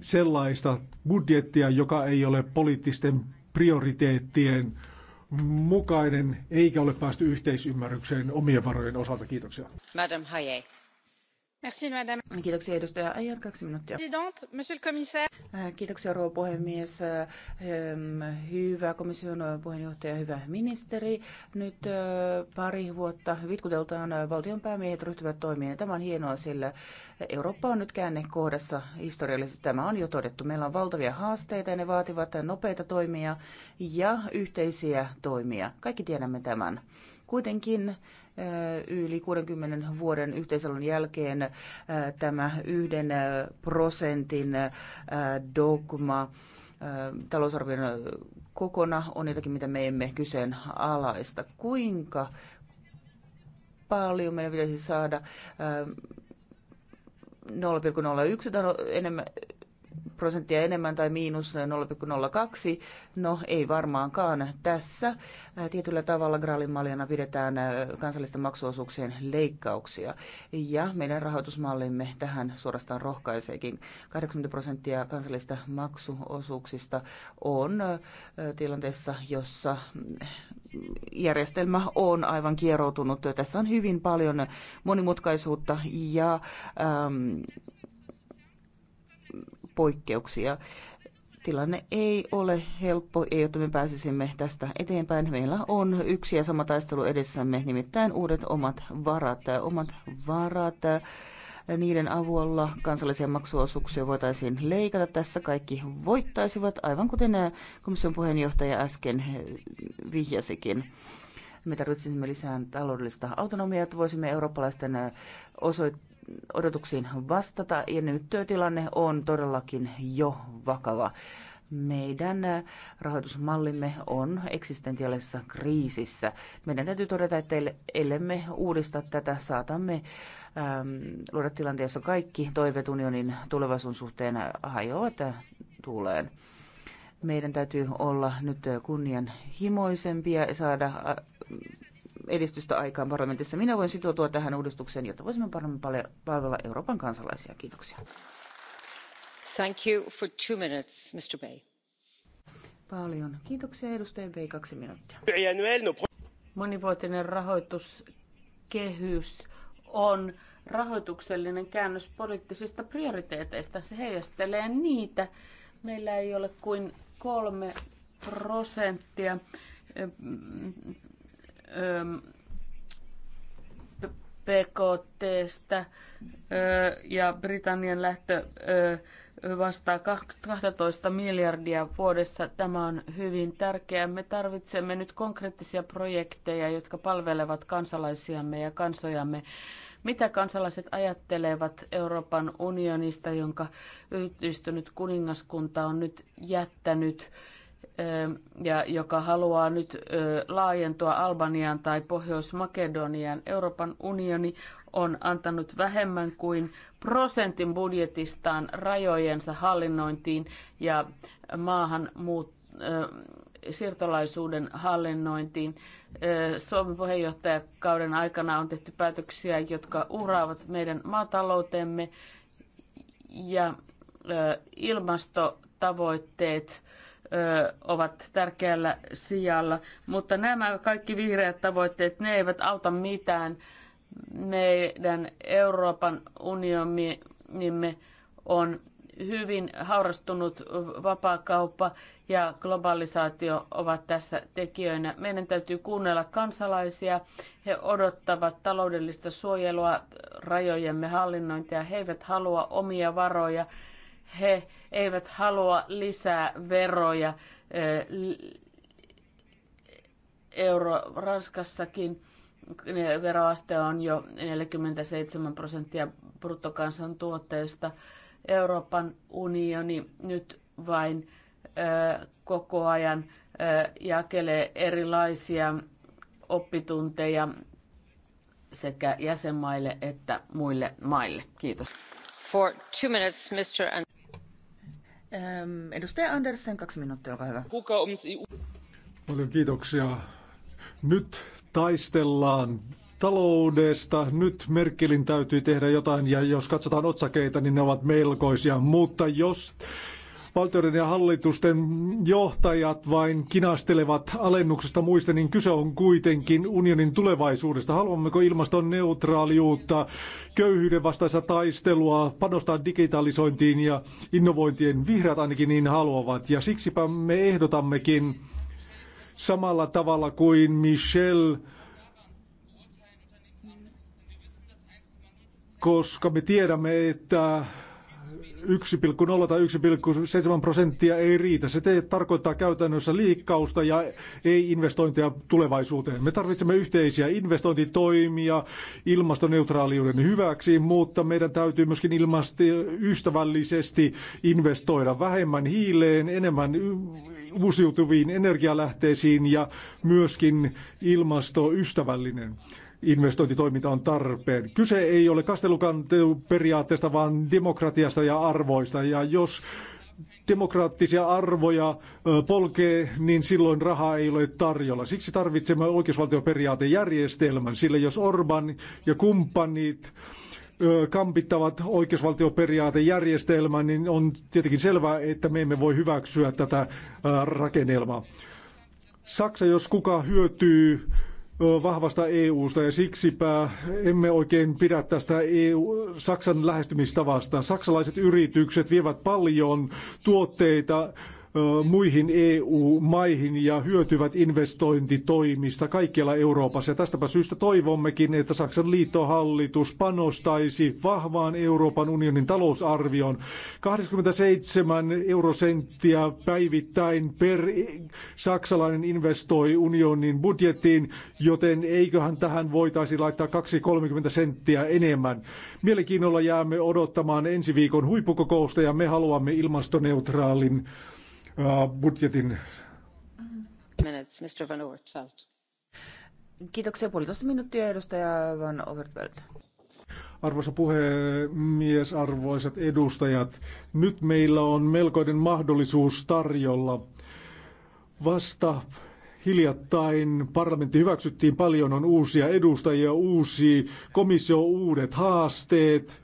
sellaista budjettia, joka ei ole poliittisten prioriteettien mukainen, eikä ole päästy yhteisymmärrykseen omien varojen osalta. Kiitoksia arvoisa Kiitoksia äh, puhemies. Ähm, hyvä komission puheenjohtaja, hyvä ministeri. Nyt äh, pari vuotta vitkuteltaan äh, valtionpäämiehet ryhtyvät toimiin. Tämä on hienoa, sillä Eurooppa on nyt käännekohdassa historiallisesti. Tämä on jo todettu. Meillä on valtavia haasteita ja ne vaativat nopeita toimia ja yhteisiä toimia. Kaikki tiedämme tämän. Kuitenkin yli 60 vuoden yhteiselon jälkeen tämä yhden prosentin dogma talousarvion kokona on jotakin, mitä me emme kyseenalaista. Kuinka paljon meidän pitäisi saada 0,01 enemmän prosenttia enemmän tai miinus 0,02. No ei varmaankaan tässä. Äh, tietyllä tavalla graalimaljana pidetään äh, kansallisten maksuosuuksien leikkauksia. Ja meidän rahoitusmallimme tähän suorastaan rohkaiseekin. 80 prosenttia kansallista maksuosuuksista on äh, tilanteessa, jossa mm, järjestelmä on aivan kieroutunut. Tässä on hyvin paljon monimutkaisuutta ja ähm, poikkeuksia. Tilanne ei ole helppo, ei jotta me pääsisimme tästä eteenpäin. Meillä on yksi ja sama taistelu edessämme, nimittäin uudet omat varat. Omat varat niiden avulla kansallisia maksuosuuksia voitaisiin leikata. Tässä kaikki voittaisivat, aivan kuten komission puheenjohtaja äsken vihjasikin. Me tarvitsisimme lisää taloudellista autonomiaa, että voisimme eurooppalaisten osoittaa odotuksiin vastata. Ja nyt tilanne on todellakin jo vakava. Meidän rahoitusmallimme on eksistentiaalisessa kriisissä. Meidän täytyy todeta, että ellemme uudista tätä, saatamme ähm, luoda tilanteen, jossa kaikki toiveet unionin tulevaisuuden suhteen hajoavat tuuleen. Meidän täytyy olla nyt kunnianhimoisempia ja saada äh, edistystä aikaan parlamentissa. Minä voin sitoutua tähän uudistukseen, jotta voisimme paremmin palvella Euroopan kansalaisia. Kiitoksia. Thank you for two minutes, Mr. Bay. Paljon. Kiitoksia edustaja Bay, kaksi minuuttia. No Monivuotinen rahoituskehys on rahoituksellinen käännös poliittisista prioriteeteista. Se heijastelee niitä. Meillä ei ole kuin kolme prosenttia mm, PKTstä ja Britannian lähtö vastaa 12 miljardia vuodessa. Tämä on hyvin tärkeää. Me tarvitsemme nyt konkreettisia projekteja, jotka palvelevat kansalaisiamme ja kansojamme. Mitä kansalaiset ajattelevat Euroopan unionista, jonka yhdistynyt kuningaskunta on nyt jättänyt? ja joka haluaa nyt laajentua Albanian tai pohjois makedonian Euroopan unioni on antanut vähemmän kuin prosentin budjetistaan rajojensa hallinnointiin ja maahan muut, siirtolaisuuden hallinnointiin. Suomen puheenjohtajakauden aikana on tehty päätöksiä, jotka uhraavat meidän maataloutemme ja ilmastotavoitteet – ovat tärkeällä sijalla. Mutta nämä kaikki vihreät tavoitteet, ne eivät auta mitään. Meidän Euroopan unionimme on hyvin haurastunut vapaakauppa ja globalisaatio ovat tässä tekijöinä. Meidän täytyy kuunnella kansalaisia. He odottavat taloudellista suojelua, rajojemme hallinnointia. He eivät halua omia varoja he eivät halua lisää veroja euro Ranskassakin veroaste on jo 47 prosenttia bruttokansantuotteesta. Euroopan unioni nyt vain koko ajan jakelee erilaisia oppitunteja sekä jäsenmaille että muille maille. Kiitos. For two minutes, Mr edustaja Andersen, kaksi minuuttia, olkaa hyvä. Paljon kiitoksia. Nyt taistellaan taloudesta. Nyt Merkelin täytyy tehdä jotain, ja jos katsotaan otsakeita, niin ne ovat melkoisia. Mutta jos valtioiden ja hallitusten johtajat vain kinastelevat alennuksesta muista, niin kyse on kuitenkin unionin tulevaisuudesta. Haluammeko ilmaston neutraaliutta, köyhyyden vastaista taistelua, panostaa digitalisointiin ja innovointien vihreät ainakin niin haluavat. Ja siksipä me ehdotammekin samalla tavalla kuin Michel koska me tiedämme, että 1,0 tai 1,7 prosenttia ei riitä. Se tarkoittaa käytännössä liikkausta ja ei investointeja tulevaisuuteen. Me tarvitsemme yhteisiä investointitoimia ilmastoneutraaliuden hyväksi, mutta meidän täytyy myöskin ilmasto-ystävällisesti investoida vähemmän hiileen, enemmän uusiutuviin energialähteisiin ja myöskin ilmastoystävällinen investointitoiminta on tarpeen. Kyse ei ole kastelukan periaatteesta, vaan demokratiasta ja arvoista. Ja jos demokraattisia arvoja polkee, niin silloin rahaa ei ole tarjolla. Siksi tarvitsemme oikeusvaltioperiaatejärjestelmän, sillä jos Orban ja kumppanit kampittavat oikeusvaltioperiaatejärjestelmän, niin on tietenkin selvää, että me emme voi hyväksyä tätä rakennelmaa. Saksa, jos kuka hyötyy vahvasta EU-sta ja siksipä emme oikein pidä tästä EU, Saksan lähestymistavasta. Saksalaiset yritykset vievät paljon tuotteita muihin EU-maihin ja hyötyvät investointitoimista kaikkialla Euroopassa. Ja tästäpä syystä toivommekin, että Saksan liittohallitus panostaisi vahvaan Euroopan unionin talousarvioon 27 eurosenttiä päivittäin per saksalainen investoi unionin budjettiin, joten eiköhän tähän voitaisi laittaa 2,30 senttiä enemmän. Mielenkiinnolla jäämme odottamaan ensi viikon huippukokousta ja me haluamme ilmastoneutraalin budjetin... Minutes, Mr. Van Oortveld. Kiitoksia. Puolitoista minuuttia edustaja Van Overtveld. Arvoisa puhemies, arvoisat edustajat, nyt meillä on melkoinen mahdollisuus tarjolla. Vasta hiljattain parlamentti hyväksyttiin paljon on uusia edustajia, uusi komissio, uudet haasteet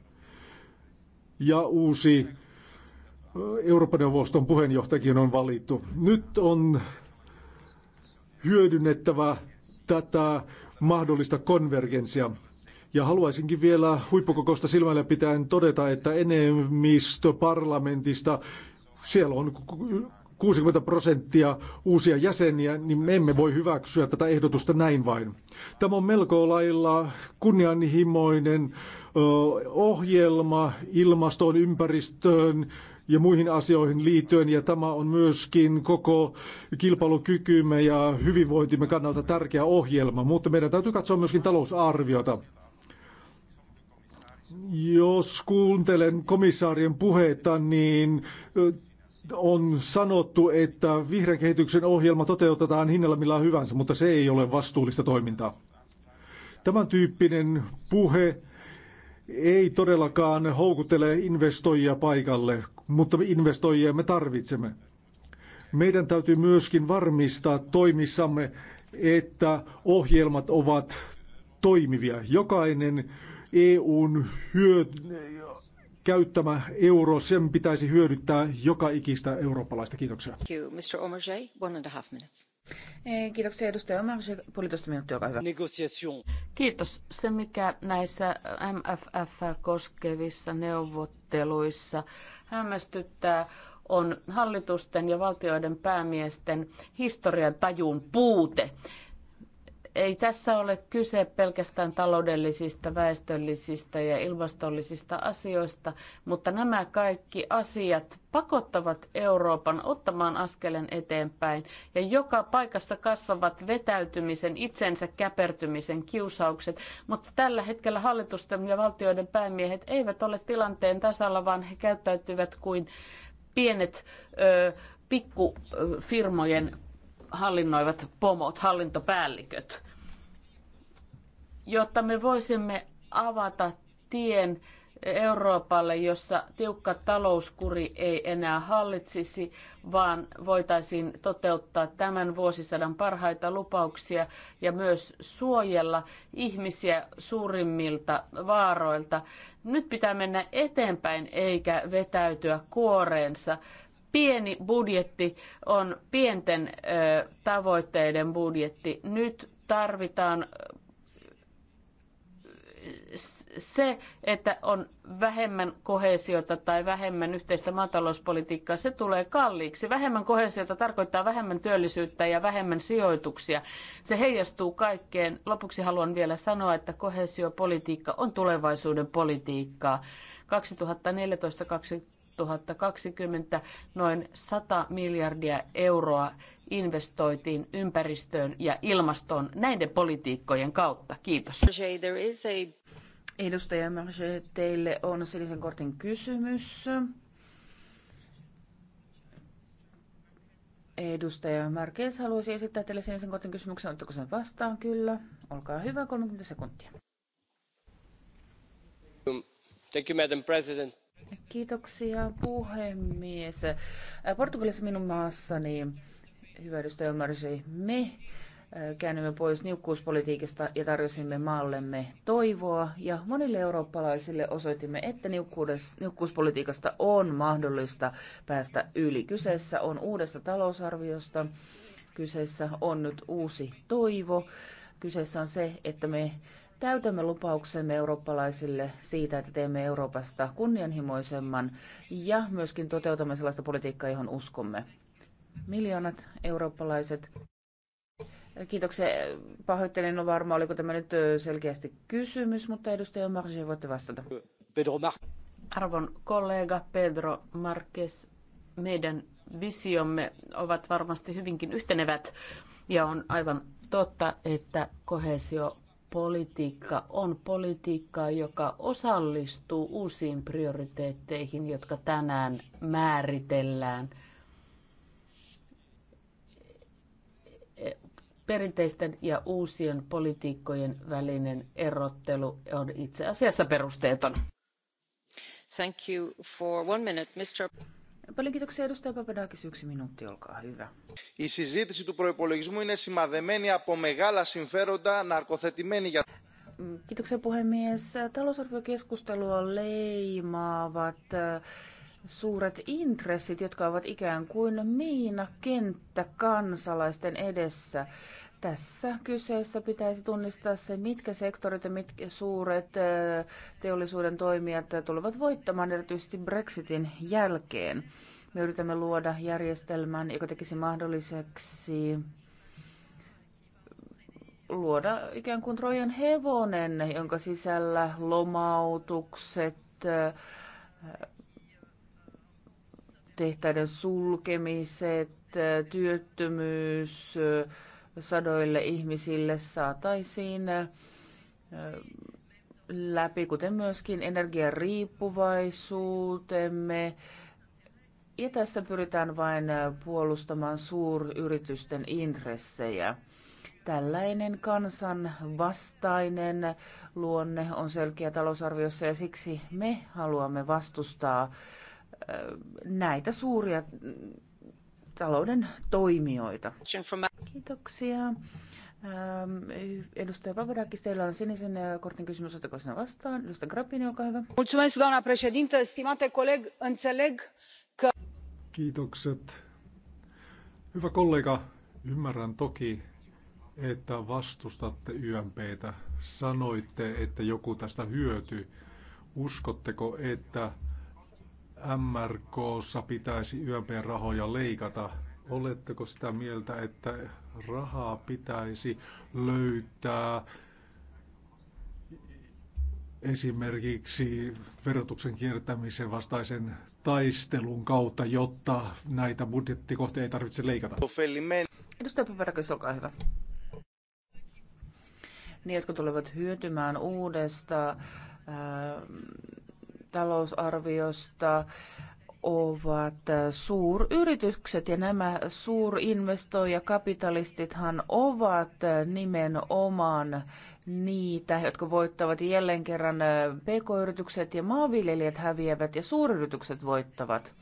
ja uusi Euroopan neuvoston puheenjohtajakin on valittu. Nyt on hyödynnettävä tätä mahdollista konvergenssia. Ja haluaisinkin vielä huippukokousta silmällä pitäen todeta, että enemmistö parlamentista, siellä on 60 prosenttia uusia jäseniä, niin me emme voi hyväksyä tätä ehdotusta näin vain. Tämä on melko lailla kunnianhimoinen ohjelma ilmastoon, ympäristöön, ja muihin asioihin liittyen, ja tämä on myöskin koko kilpailukykymme ja hyvinvointimme kannalta tärkeä ohjelma, mutta meidän täytyy katsoa myöskin talousarviota. Jos kuuntelen komissaarien puheita, niin on sanottu, että vihreän kehityksen ohjelma toteutetaan hinnalla millä hyvänsä, mutta se ei ole vastuullista toimintaa. Tämän tyyppinen puhe ei todellakaan houkuttele investoijia paikalle mutta me investoijia me tarvitsemme. Meidän täytyy myöskin varmistaa toimissamme, että ohjelmat ovat toimivia. Jokainen EUn hyö... käyttämä euro, sen pitäisi hyödyttää joka ikistä eurooppalaista. Kiitoksia. Thank you, Mr. one and a half minutes. Eh, kiitoksia edustaja Omar. Puolitoista minuuttia, olkaa hyvä. Kiitos. Se, mikä näissä MFF koskevissa neuvotteluissa hämmästyttää, on hallitusten ja valtioiden päämiesten historian tajun puute ei tässä ole kyse pelkästään taloudellisista, väestöllisistä ja ilmastollisista asioista, mutta nämä kaikki asiat pakottavat Euroopan ottamaan askelen eteenpäin ja joka paikassa kasvavat vetäytymisen, itsensä käpertymisen kiusaukset, mutta tällä hetkellä hallitusten ja valtioiden päämiehet eivät ole tilanteen tasalla, vaan he käyttäytyvät kuin pienet ö, pikkufirmojen hallinnoivat pomot, hallintopäälliköt, jotta me voisimme avata tien Euroopalle, jossa tiukka talouskuri ei enää hallitsisi, vaan voitaisiin toteuttaa tämän vuosisadan parhaita lupauksia ja myös suojella ihmisiä suurimmilta vaaroilta. Nyt pitää mennä eteenpäin eikä vetäytyä kuoreensa pieni budjetti on pienten ö, tavoitteiden budjetti. Nyt tarvitaan se, että on vähemmän kohesiota tai vähemmän yhteistä maatalouspolitiikkaa, se tulee kalliiksi. Vähemmän kohesiota tarkoittaa vähemmän työllisyyttä ja vähemmän sijoituksia. Se heijastuu kaikkeen. Lopuksi haluan vielä sanoa, että kohesiopolitiikka on tulevaisuuden politiikkaa. 2014 2020 noin 100 miljardia euroa investoitiin ympäristöön ja ilmastoon näiden politiikkojen kautta. Kiitos. Edustaja Merge, teille on sinisen kortin kysymys. Edustaja Marquez haluaisi esittää teille sinisen kortin kysymyksen. Oletteko sen vastaan? Kyllä. Olkaa hyvä, 30 sekuntia. Thank you, Madam President. Kiitoksia puhemies. Portugalissa minun maassani, hyvä edustaja ymmärsi, me käännymme pois niukkuuspolitiikasta ja tarjosimme maallemme toivoa. Ja monille eurooppalaisille osoitimme, että niukkuuspolitiikasta on mahdollista päästä yli. Kyseessä on uudesta talousarviosta, kyseessä on nyt uusi toivo. Kyseessä on se, että me täytämme lupauksemme eurooppalaisille siitä, että teemme Euroopasta kunnianhimoisemman ja myöskin toteutamme sellaista politiikkaa, johon uskomme. Miljoonat eurooppalaiset. Kiitoksia. Pahoittelen, no varma, oliko tämä nyt selkeästi kysymys, mutta edustaja Marge, voitte vastata. Pedro Mar- Arvon kollega Pedro Marques, meidän visiomme ovat varmasti hyvinkin yhtenevät ja on aivan totta, että kohesio politiikka on politiikkaa, joka osallistuu uusiin prioriteetteihin, jotka tänään määritellään perinteisten ja uusien politiikkojen välinen erottelu on itse asiassa perusteeton. Thank you for one minute, Mr. Paljon kiitoksia edustaja Papadakis. Yksi minuutti, olkaa hyvä. Η συζήτηση του προπολογισμού είναι σημαδεμένη από μεγάλα συμφέροντα, ναρκοθετημένη για... Mm, kiitoksia puhemies. Talousarviokeskustelua leimaavat äh, suuret intressit, jotka ovat ikään kuin kenttä kansalaisten edessä. Tässä kyseessä pitäisi tunnistaa se, mitkä sektorit ja mitkä suuret teollisuuden toimijat tulevat voittamaan erityisesti Brexitin jälkeen. Me yritämme luoda järjestelmän, joka tekisi mahdolliseksi luoda ikään kuin Trojan hevonen, jonka sisällä lomautukset, tehtäiden sulkemiset, työttömyys, sadoille ihmisille saataisiin läpi, kuten myöskin energiariippuvaisuutemme. Ja tässä pyritään vain puolustamaan suuryritysten intressejä. Tällainen kansan vastainen luonne on selkeä talousarviossa ja siksi me haluamme vastustaa näitä suuria talouden toimijoita. Kiitoksia. Ähm, edustaja Papadakis, teillä on sinisen äh, kortin kysymys, otteko sinä vastaan? Edustaja Grappini, olkaa hyvä. Mulțumesc, doamna președintă. Stimate coleg, înțeleg că... Kiitokset. Hyvä kollega, ymmärrän toki, että vastustatte YMPtä. Sanoitte, että joku tästä hyötyy. Uskotteko, että MRKssa pitäisi YMP-rahoja leikata. Oletteko sitä mieltä, että rahaa pitäisi löytää esimerkiksi verotuksen kiertämisen vastaisen taistelun kautta, jotta näitä budjettikohteita ei tarvitse leikata? Edustaja Pöpäräkös, olkaa hyvä ne, jotka tulevat hyötymään uudesta talousarviosta ovat suuryritykset ja nämä kapitalistithan ovat nimenomaan niitä, jotka voittavat jälleen kerran pk-yritykset ja maanviljelijät häviävät ja suuryritykset voittavat.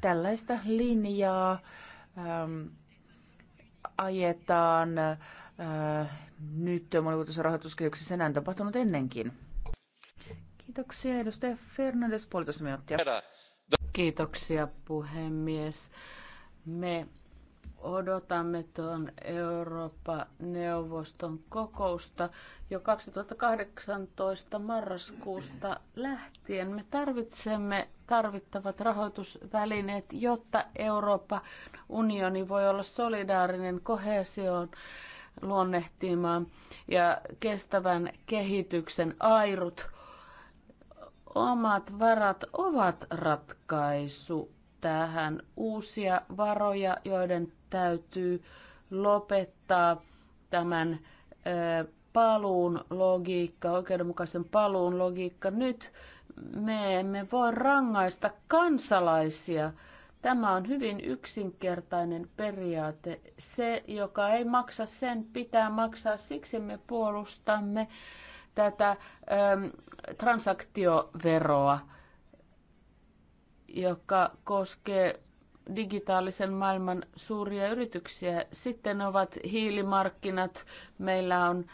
Tällaista linjaa ähm, ajetaan äh, nyt monivuotisessa rahoituskehyksessä, näin tapahtunut ennenkin. Kiitoksia. Edustaja Fernandes, puolitoista minuuttia. Kiitoksia, puhemies. Me odotamme tuon Eurooppa-neuvoston kokousta jo 2018 marraskuusta lähtien. Me tarvitsemme tarvittavat rahoitusvälineet, jotta Eurooppa-unioni voi olla solidaarinen kohesioon luonnehtimaan ja kestävän kehityksen airut omat varat ovat ratkaisu tähän. Uusia varoja, joiden täytyy lopettaa tämän ö, paluun logiikka, oikeudenmukaisen paluun logiikka. Nyt me emme voi rangaista kansalaisia. Tämä on hyvin yksinkertainen periaate. Se, joka ei maksa, sen pitää maksaa. Siksi me puolustamme tätä ähm, transaktioveroa, joka koskee digitaalisen maailman suuria yrityksiä. Sitten ovat hiilimarkkinat, meillä on